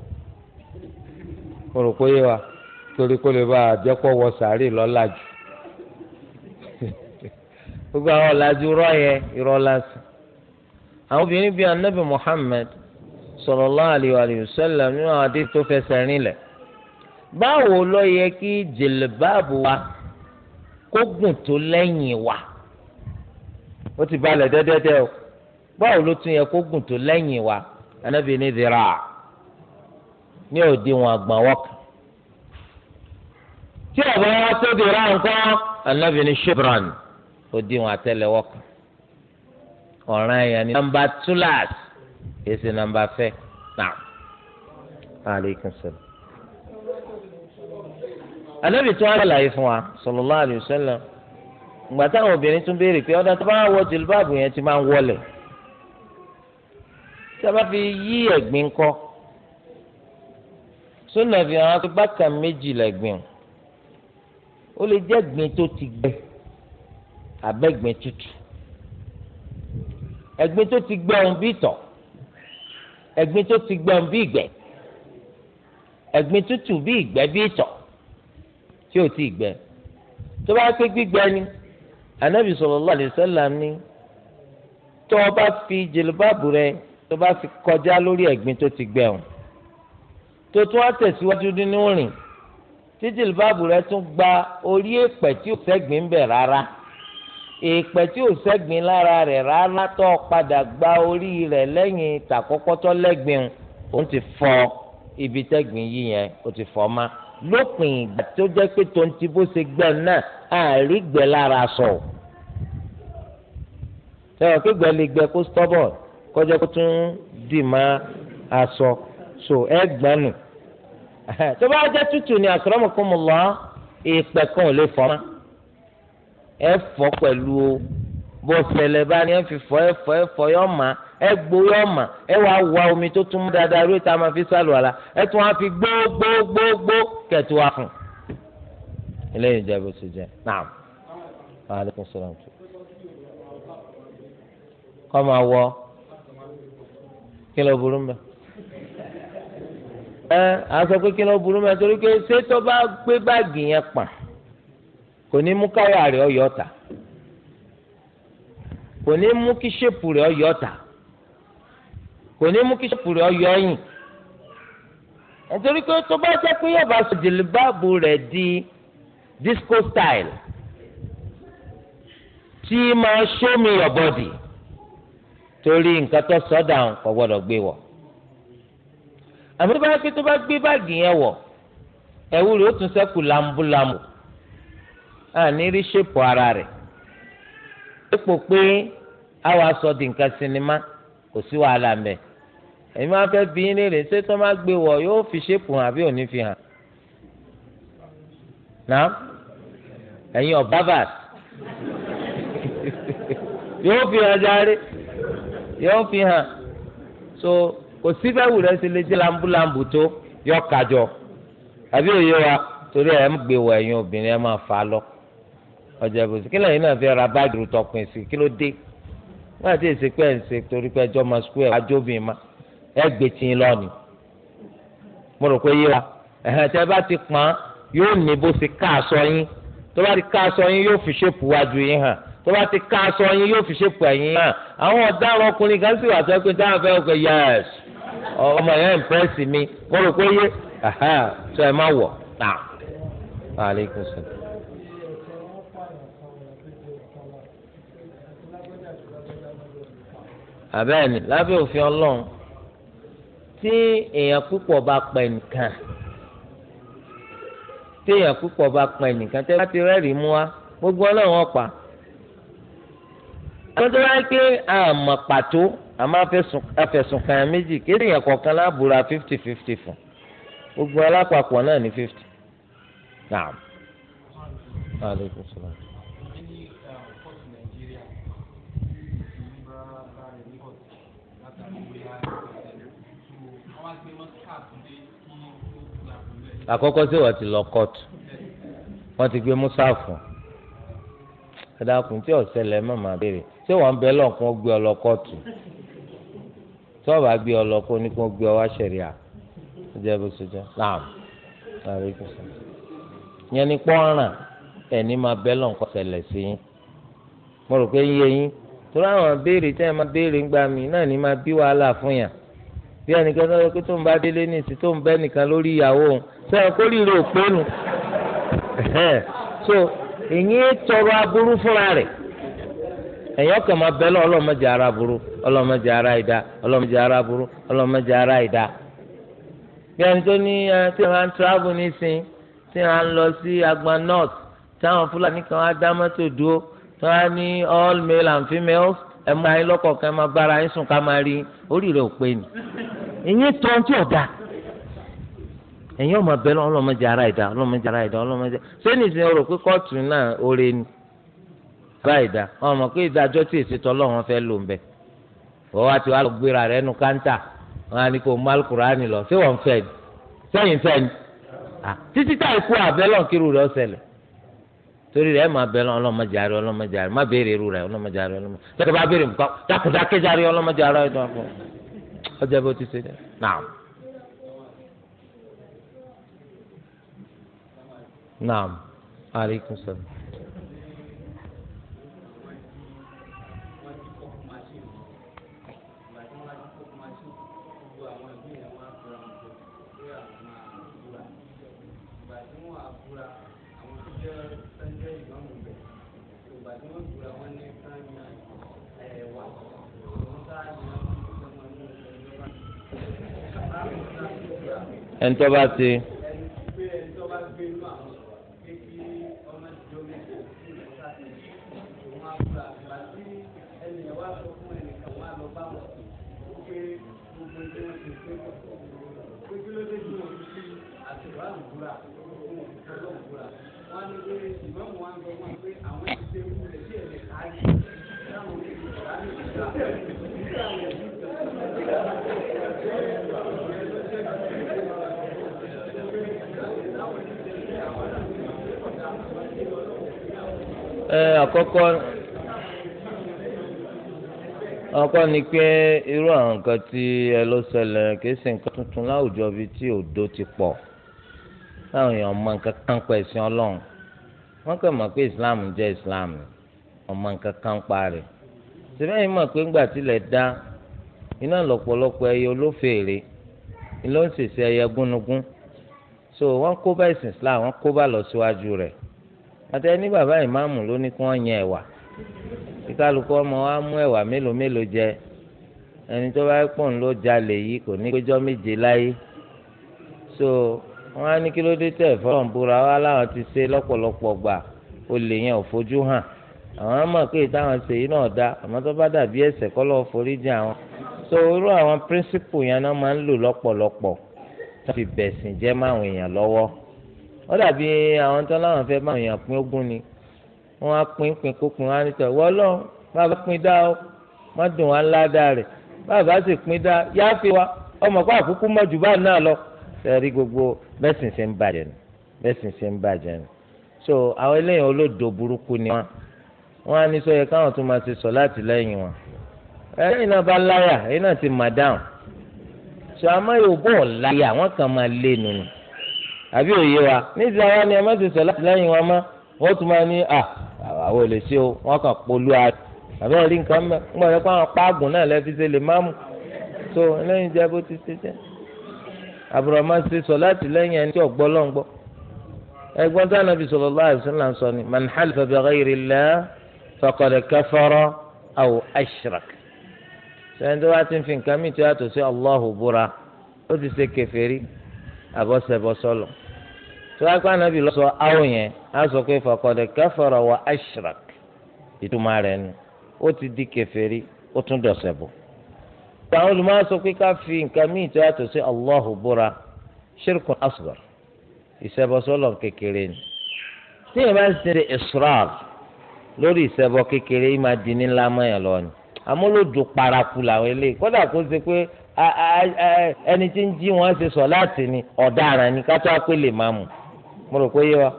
wa torí kó lè bá àjẹpọ̀ wọ sàárè lọ́làjú gbogbo àwọn ọ̀làjú àwọn obìnrin bíi anabi nínú àwọn adé tó fẹsẹ̀ rìn báwo ló yẹ kí jìlìbáàbù wa kó gùn tó lẹ́yìn wa ó ti balẹ̀ dẹ́dẹ́dẹ́ o báwo ló tún yẹ kó gùn tó lẹ́yìn wa anábì ní dira ní òdiwọ̀n àgbọ̀n wọ́kàn tí ọ̀bọ̀n wa tó dira nǹkan anábì ní shibran òdiwọ̀n àtẹlẹwọ́ kan ọ̀ràn ẹ̀yàn ní nàmbà túláàsì èsì nàmbà fẹ́ náà. aleykum salaam ànábì tí wọ́n ṣàlàyé fún wa sallallahu alaihi wasallam ìgbà táwọn obìnrin tún béèrè pé ọ̀dà tó bá wọ jìlbáàbù yẹn ti máa ń wọlé tí a bá fi yí ẹ̀gbin kọ́ sónà fi hàn pé bákan méjì lẹ́gbin ó lè jẹ́ gbin tó ti gbẹ àbẹ́gbin tútù ẹ̀gbin tó ti gbẹ òun bí ìtọ̀ ẹ̀gbin tó ti gbẹ òun bí ìgbẹ́ ẹ̀gbin tútù bí ìgbẹ́ bí ìtọ̀ tí ò tí ì gbẹ tó bá pé gbígbẹ ni anabi sallallahu alaihi wasallam ni tó o bá fi jìlbáàbù rẹ tó bá fi kọjá lórí ẹ̀gbin tó ti gbẹ o tó tún á tẹ̀síwájú nínú rìn tí jìlbáàbù rẹ tún gba orí èèpẹ̀ tí ò sẹ́gbin bẹ̀ rárá èèpẹ̀ tí ò sẹ́gbin lára rẹ̀ rárá tó padà gba orí rẹ̀ lẹ́yìn tàkọ́kọ́ tó lẹ́gbin ti fọ́ ibi tẹ́gbìn yìí yẹn o ti fọ́ ma lópin ìgbà tó jẹ́ pé tonti bó ṣe gbẹ́ náà àrígbẹ́ lára sọ. sẹ́wọ̀n pé gbẹ́ lè gbẹ́ kó stọ́bọ̀n kọjá kó tún dì má aṣọ so ẹ gbẹ́nu. tó bá jẹ́ tútù ni akramakumullah ìpẹ́ kan ò lè fọ́ ma ẹ fọ́ pẹ̀lú bọ́sẹ̀lẹ̀ bá ní ẹ fi fọ́ ẹ fọ́ ẹ fọ́ yọ̀ máa. ẹ gbowó ọmọ ẹ wá omi tó tún mú dáadáa máa fi sálù àlá ẹ tún fi gbógbógbógbó kẹtù wá fún eléyìí jẹ bó ṣe jẹ náà aleykum salaam tó kọ́ máa wọ kí burú pa kò ní mú káyà rẹ̀ ọ̀yọ́ kò ní mú kí ṣọ́ọ̀pù rẹ̀ ọyọ ẹ̀yìn nítorí pé tó bá jẹ́ pé yàrá sọ̀jìlì báàbù rẹ̀ di disco style tí máa show me your body torí nǹkan tó sọ́dà kò gbọ́dọ̀ gbé wọ̀ àmì tó bá yẹ pé tó bá gbé báàgì yẹn wọ̀ ẹ̀wù rẹ̀ ó tún ṣẹ́kù lambúlambù àní rí ṣèpọ̀ ara rẹ̀ dípò pé àwa sọ di nǹkan sinimá kò sí wàhálà mẹ́ẹ̀ èmi máa fẹ́ bí ní rè ṣé tó máa gbé wọ̀ yóò fi ṣépù hàn àbí òní fi hàn náà ẹ̀yin ọ̀bá bàt yóò fi hàn járe yóò fi hàn so kò síbẹ̀ wù rẹ̀ ṣe lè jẹ́ lambúlambù tó yọ kájọ àbí òye wa torí ẹ̀ ń gbé wọ̀ ẹ̀yin obìnrin ẹ̀ máa fà á lọ ọjà ìbòsí kí lẹ́yìn náà fi ra báàgì rú tọkùn sí kí ló dé wọ́n àti èsì pé ẹ̀ ń ṣe torí pé ẹjọ́ máa sukú ẹ̀ wájú obìnrin máa ẹ gbé tì í lọ ni mo rò pé yé wa ẹ̀hẹ́n tẹ́ bá ti pọ́n yóò ní bó ti ká aṣọ yín tó bá ti ká aṣọ yín yóò fi ṣépù wájú yín hàn tó bá ti ká aṣọ yín yóò fi ṣépù ẹ̀yìn hàn àwọn ọ̀daràn ọkùnrin kan sì wà sọ pé táwọn fẹ́ ọkọ yẹs ọmọ yẹn ìmpẹ́sì mi mo rò pé yé sọ ẹ má wọ̀ náà. Aleykum salaam. lábẹ́ òfin ọlọ́run tí èèyàn púpọ̀ bá pẹ̀ nìkan tí èèyàn púpọ̀ bá pẹ̀ nìkan tẹ́ ti rẹ́rìí mú wa gbogbo ọlọ́run ọ̀pá. àwọn tó bá ń pé àmọ̀ pàtó àmọ́ afẹ̀sùn kan méjì kí èèyàn kọ̀ọ̀kan lábùra fifty fifty fún gbogbo alápapọ̀ náà ní fifty. naam. àkọ́kọ́ sí wọ́n ti lọ kóòtù wọ́n ti gbé musa fún ẹ̀dàkùn tí ọ̀sẹ̀lẹ̀ mọ̀mọ́ béèrè ṣé wọ́n bẹ lọ́n kó gbé ọ lọ kóòtù tí wọ́n bá gbé ọ lọ kó ní kó gbé ọ wá ṣẹ̀ríà ọjọ́ ìbò sójà naam ààrẹ kò sọ. yẹn ni pọ́nrán ẹni máa bẹ lọ́n kó ṣẹlẹ̀ sí yín mo rò pé yé yín torí àwọn béèrè tẹ́ ẹ máa béèrè ńgbà mí náà ní máa bí wàhálà fún yàn bí ẹnìkan tó ń bá délé ní ìsìn tó ń bẹ́ nìkan lórí ìyàwó òun sẹ́wọ̀n kó rí rí òpé nu so ìyín tọrọ aburú fúnra rẹ̀ ẹ̀yàn kan máa lọ ọlọ́mọdé ara aburú ọlọ́mọdé ara ìdá ọlọ́mọdé ara aburú ọlọ́mọdé ara ìdá bí ẹni tó ní tí wọn ń travel nísìn tí wọn ń lọ sí Agba north táwọn fúlàní kan á dá mọ́tò dúró tí all male and females máa bára ẹ̀ sùn ká máa rí orí rẹ̀ ni ẹ̀yin ọmọ bẹ́ẹ̀ ọlọ́mọdé ara ìdá ọlọ́mọdé ara ìdá ọlọ́mọdé ṣé nìsín o rò pé kóòtù náà oore ni bá ìdá ọmọ pé ìdájọ́ tí èsì tọ́lọ́ wọn fẹ́ lò ń bẹ̀ wọ́n wá ti wá lọ gbéra rẹ̀ nu káńtà wọn á ní kó mú alukurani lọ ṣé wọ́n fẹ́ ni sẹ́yìn fẹ́ ni títí tá ikú àbẹ́lọ̀ kírù rẹ̀ ọ̀sẹ̀lẹ̀ torí rẹ̀ máa bẹ́lọ̀ ọlọ́mọdé ara ọlọ́mọdé ara má béèrè rẹ̀ ọlọ́mọdé ara ara ọjọ́ naam aleykum salaam. ẹnitọ́ bá ti. àkọ́kọ́ àkọ́kọ́ ni pé irú àwọn nǹkan tí ẹ ló ṣẹlẹ̀ kìí ṣe nǹkan tuntun láwùjọ bí tí òdo ti pọ̀ táwọn èèyàn mọ nǹkan kan pa ẹ̀sìn ọlọ́run wọ́n kàn mọ̀ pé islam jẹ́ islam ọmọ nǹkan kan pa rẹ̀ síbẹ̀ yìí mọ̀ pé ńgbà tilẹ̀ dá iná lọ́pọ̀lọpọ̀ ẹyẹ olófèèrè ló ń ṣèṣe ẹyẹ gúnugún so wọ́n kó bá ẹ̀sìn islam wọ́n kó bá lọ síwájú rẹ̀ àti ẹni bàbá ìmáàmù ló ní kí wọ́n yan ẹ̀wà kí kálukú ọmọ wa mú ẹ̀wà mélòó mélòó jẹ ẹni tó bá pọ̀ ń lọ jalè yìí kò ní péjọ́ méje láyé so wọ́n á ní kí ló dé tẹ̀ fọ́lọ́n búra wa láwọn ti ṣe lọ́pọ̀lọpọ̀ gbà olè yẹn ò fojú hàn àwọn mọ̀ pé táwọn ṣe yìí náà dá àmọ́ tó bá dàbí ẹ̀ṣẹ̀ kọ́ lọ́ọ́ forí jìn àwọn so irú àwọn píríncípù yẹn náà máa ń lò lọ́pọ̀lọpọ̀ tó fi bẹ̀sìn jẹ́ máwọn èèyàn lọ́wọ́ wọ́n dàbí àwọn tó láwọn fẹ́ bá èèyàn pín ogún ni wọ́n á pín pín kó pín wá nítorí wọ́n lọ bàbá pín dá ọ má dùn wá ńlá dá rẹ̀ bàbá sì pín dá yáfi wa ọmọ kó àkúkú mọ́ jù bá náà lọ sẹ́rí gbogbo bẹ́sìn ṣe ń bàjẹ́ nù bẹ́sìn ṣe ń bàjẹ́ nù so àwọn eléyìí olódò burúkú ni wọn wọn á ní sọ yẹ káwọn tó máa ṣe sọ láti lẹ́yìn wọn ẹ̀yìn náà bá láyà ẹ̀yìn náà ti mà dáhùn so àmọ́ yóò bọ̀ láyà wọ́n kàn máa lé nù àbí òye wa níbi àwa ni ẹ má ti sọ láti lẹ́yìn wa mọ́ wọ́n tún máa ní à àwọn ò lè ṣe o wọ́n kàn polú a àbẹ́ rí nǹkan mẹ́ ń gbọ́dọ̀ pé àwọn páàgùn náà lẹ́fi ṣe lè máàmù tó lẹ́yìn jẹ́ bó ti ṣe jẹ́ àbúrò máa ṣe sọ láti lẹ́yìn ẹni tí ọ̀gbọ́ lọ́n gbọ́ ẹgbọ́n tí Ànábì sallallahu alaihi wasallam sọ ni man halafa bi ghayri Allah faqad kafara aw ashrak sẹ́yìn tó bá ti ń tiwákà nàbì lọ sọ àwọn yẹn á sọ pé faqad kafara wa ashrak ìtumọ̀ rẹ̀ nu ó ti di kèfèrí ó tún dọ̀sẹ̀ bò. àwọn olùmọ̀ sọ pé ká fi nǹkan míì tó yàtọ̀ sí Allahu búra shirkun asghar ìṣẹbọsọlọ kékeré ni tí yẹn bá ń ṣe israr lórí ìṣẹbọ kékeré yìí máa di ní ńlá mọ́yàn amúlòdù paraku làwọn eléyìí kódà kó ṣe pé ẹni tí ń jí wọn ṣe sọ láti ni ọ̀daràn ni máa mú mo rò pé yé wa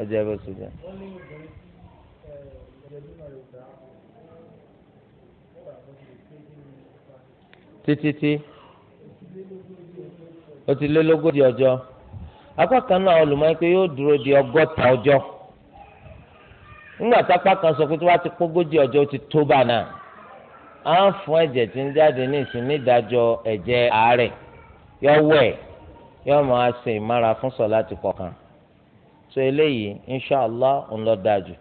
ọjọ́ ẹ bó so jẹ. o tí ó ti lé lógójì kan náà olùmọ̀ pé yóò dúró di ọgọta ọjọ. nígbà tápá kan sọ pé tí wàá ti pógójì ọjọ ti tó bá náà á ń fún ẹjẹ tí ń jáde ní ìsinmi ìdájọ́ ẹ̀jẹ̀ yọ yọ máa ṣe ìmára so eléyìí inshallah ń lọ dájú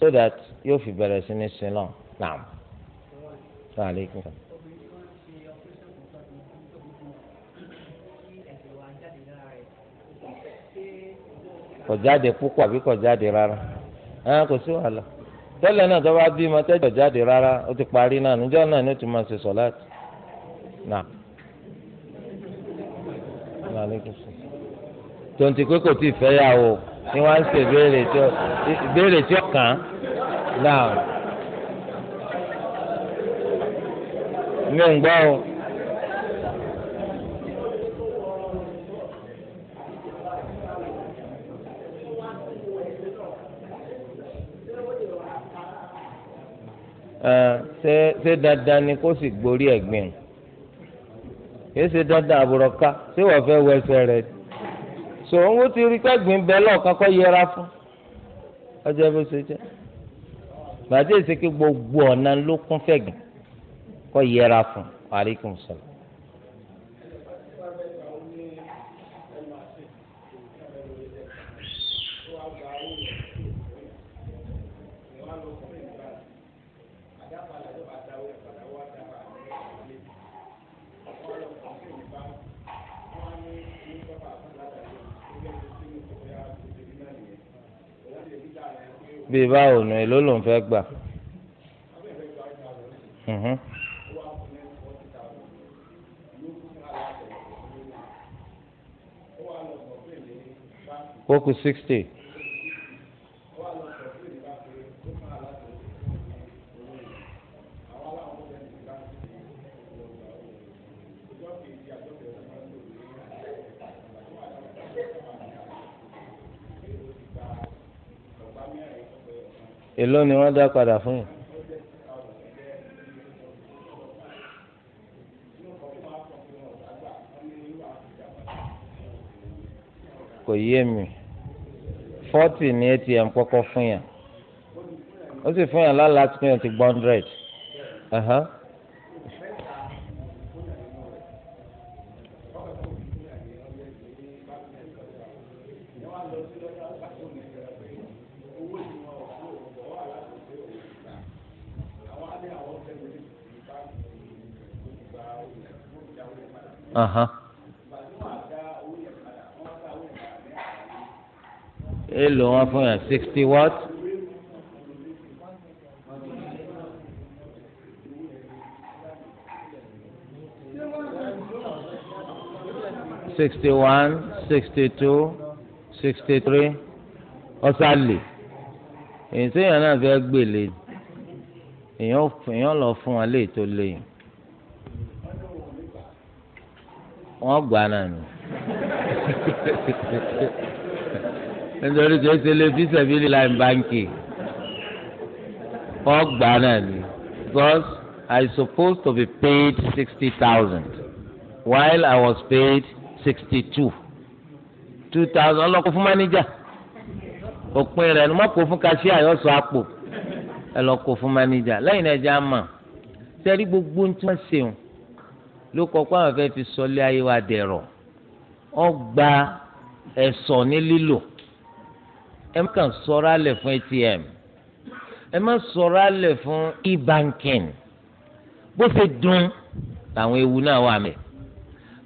so that yóò fi bẹ̀rẹ̀ sí ní sin naam sàlẹ̀kùn. kò jáde púpọ̀ àbí kò jáde rárá ẹ̀ kò sí wàhálà tẹ́lẹ̀ náà tó bá bí ma tẹ́jọ́ jáde rárá ó ti parí náà níjọ́ náà ni ó ti máa ṣe ni wọ́n ń ṣe ìbéèrè tí ìbéèrè tí ó kàn án náà mi ò gbọ́ o. ṣe ṣe dandan ni kó sì gborí ẹ̀gbìn kì í ṣe dandan àbúrò ká ṣé wọ́n fẹ́ wẹsẹ̀ rẹ̀ ni so òun ó ti rí kẹ́gbìn bẹ́ẹ̀ lọ́ọ̀kan kọ́ yẹra fún ọjọ́ bó ṣe jẹ́ gbàdé ìsèké gbogbo ọ̀nà ló kún fẹ̀gìn kọ́ yẹra fún alaikum salaam. bíi báwo nù èló ló ń fẹ́ gbà. kókù mhm. sixty. èló ni wọ́n dá padà fún yìí. kò yé mi fọ́tì ní atm kọ́kọ́ fún yàn ó sì fún yàn lálàá tí wọ́n ti gbọ́ èlò wọn fún yàn sixty watt. sixty one sixty two sixty three ọ̀sálì èyí tí èèyàn náà fẹ́ gbèlè èèyàn lọ fún wọn léètò léyìn. wọ́n gbà náà nù. nítorí tó ṣe lè fi sẹ́bílì láì banking. wọ́n gbà náà nù. because I supposed to be paid sixty thousand while I was paid sixty two two thousand ọlọ́kọ̀ fún mánéjà òpin rẹ̀ ni wọ́n kó fún kashíà yóò sọ àpò ẹ lọ kó fún mánéjà lẹ́yìn náà ẹ jẹ́ àmà sẹ́rí gbogbo ohun tí ṣe wọn ló kọ pé àwọn fẹ́ fi sọlé ayé wa dẹ̀rọ̀ ọ gba ẹ̀sọ̀ ní lílò ẹ má kàn sọ̀rọ̀ alẹ̀ fún ATM ẹ má sọ̀rọ̀ alẹ̀ fún e-banking bó ṣe dùn làwọn ewu náà wà mẹ́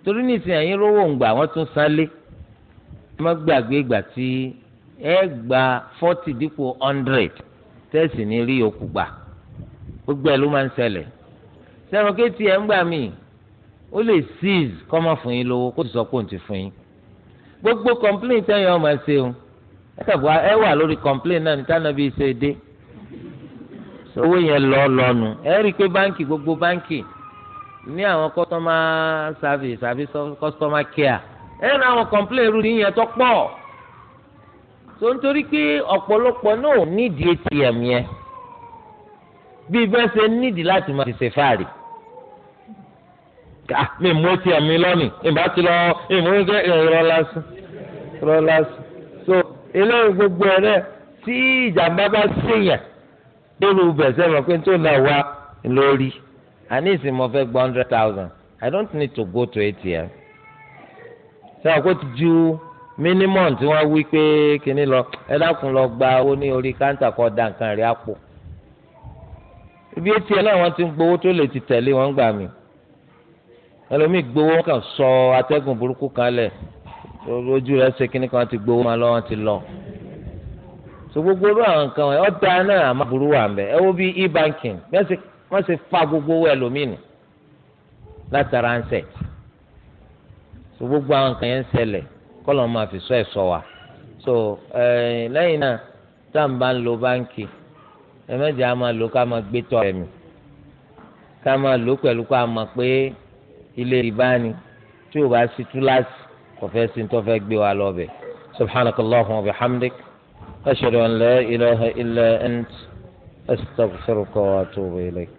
torí nísìnyí àyín rówó ǹgbà wọ́n tún sálé ẹ má gbàgbé ìgbà tí ẹ gba forty dípò hundred tẹ́sí ní rí okùgbà gbogbo ẹ̀ ló máa ń ṣẹlẹ̀ sẹ́wọ̀n kí ATM gbà míì ó lè seize kọ́mọ fún yín lówó kó sì sọ pé òun ti fún yín gbogbo complain tẹ́yìn ọmọ ẹ ṣe o ẹ wà lórí complain náà níta náà bí ṣe dé owó yẹn lọ lọnu ẹ rí i pé báńkì gbogbo báńkì ní àwọn customer service àbí customer care ẹ ní àwọn complain rú yín yẹn tó pọ̀ tó ń torí pé ọ̀pọ̀lọpọ̀ náà nídìí ATM yẹn bí bẹ́ẹ̀ ṣe nídìí láti máa fi ṣe fáàrí ká ah, mi mú etí ẹ̀mí lọ́nìí ìbá ti lọ ìmúkẹ́ ìrọ̀lásì ìrọ̀lásì. so eléyìí gbogbo ẹ̀ náà tí ìjàmbá bá ṣèyàn lórí bẹ̀sẹ̀ mọ̀ pé tó náà wá lórí àní ìsìnmọ̀ fẹ́ gba hundred thousand I don't need to go to ATM. ṣé àkó ti ju minimum tí wọ́n wí pé kíní lọ ẹ dákun lọ gba owó ní orí káńtà kọ́ da nǹkan rí àpò. ibi ATM náà wọ́n ti ń gbowó tó lè ti tẹ̀lé wọn gbà mí ẹlòmíì gbowó kan sọ atẹ́gùn burúkú kan lẹ̀ ojú rẹ̀ ṣe kíní kan ti gbowó máa lọ́wọ́ ti lọ. so gbogbo olú àwọn nǹkan wọn ọ̀dà náà àmọ́ burú wà mbẹ́ ẹ wo bí e-banking wọ́n sì fa gbogbo owó ẹlòmíì nù látara ń sẹ̀ so gbogbo àwọn nǹkan yẹn ń ṣẹlẹ̀ kọ́lọ̀ máa fi sọ ẹ̀ sọ wa so lẹ́yìn náà tá à ń bá ń lo báńkì ẹ̀mẹ́jẹ̀ á máa lo ká máa gbé tọ́ ẹ̀mí ká máa lo pẹ̀lú ká ilé rìbá ni tí o bá sí túláàsì kò fẹ́ sí tó fẹ́ gbé wa lọ bẹ̀. subhanaka allahumma wa bihamdik ashhadu an la ilaha illa ant astaghfiruka wa atubu ilayk.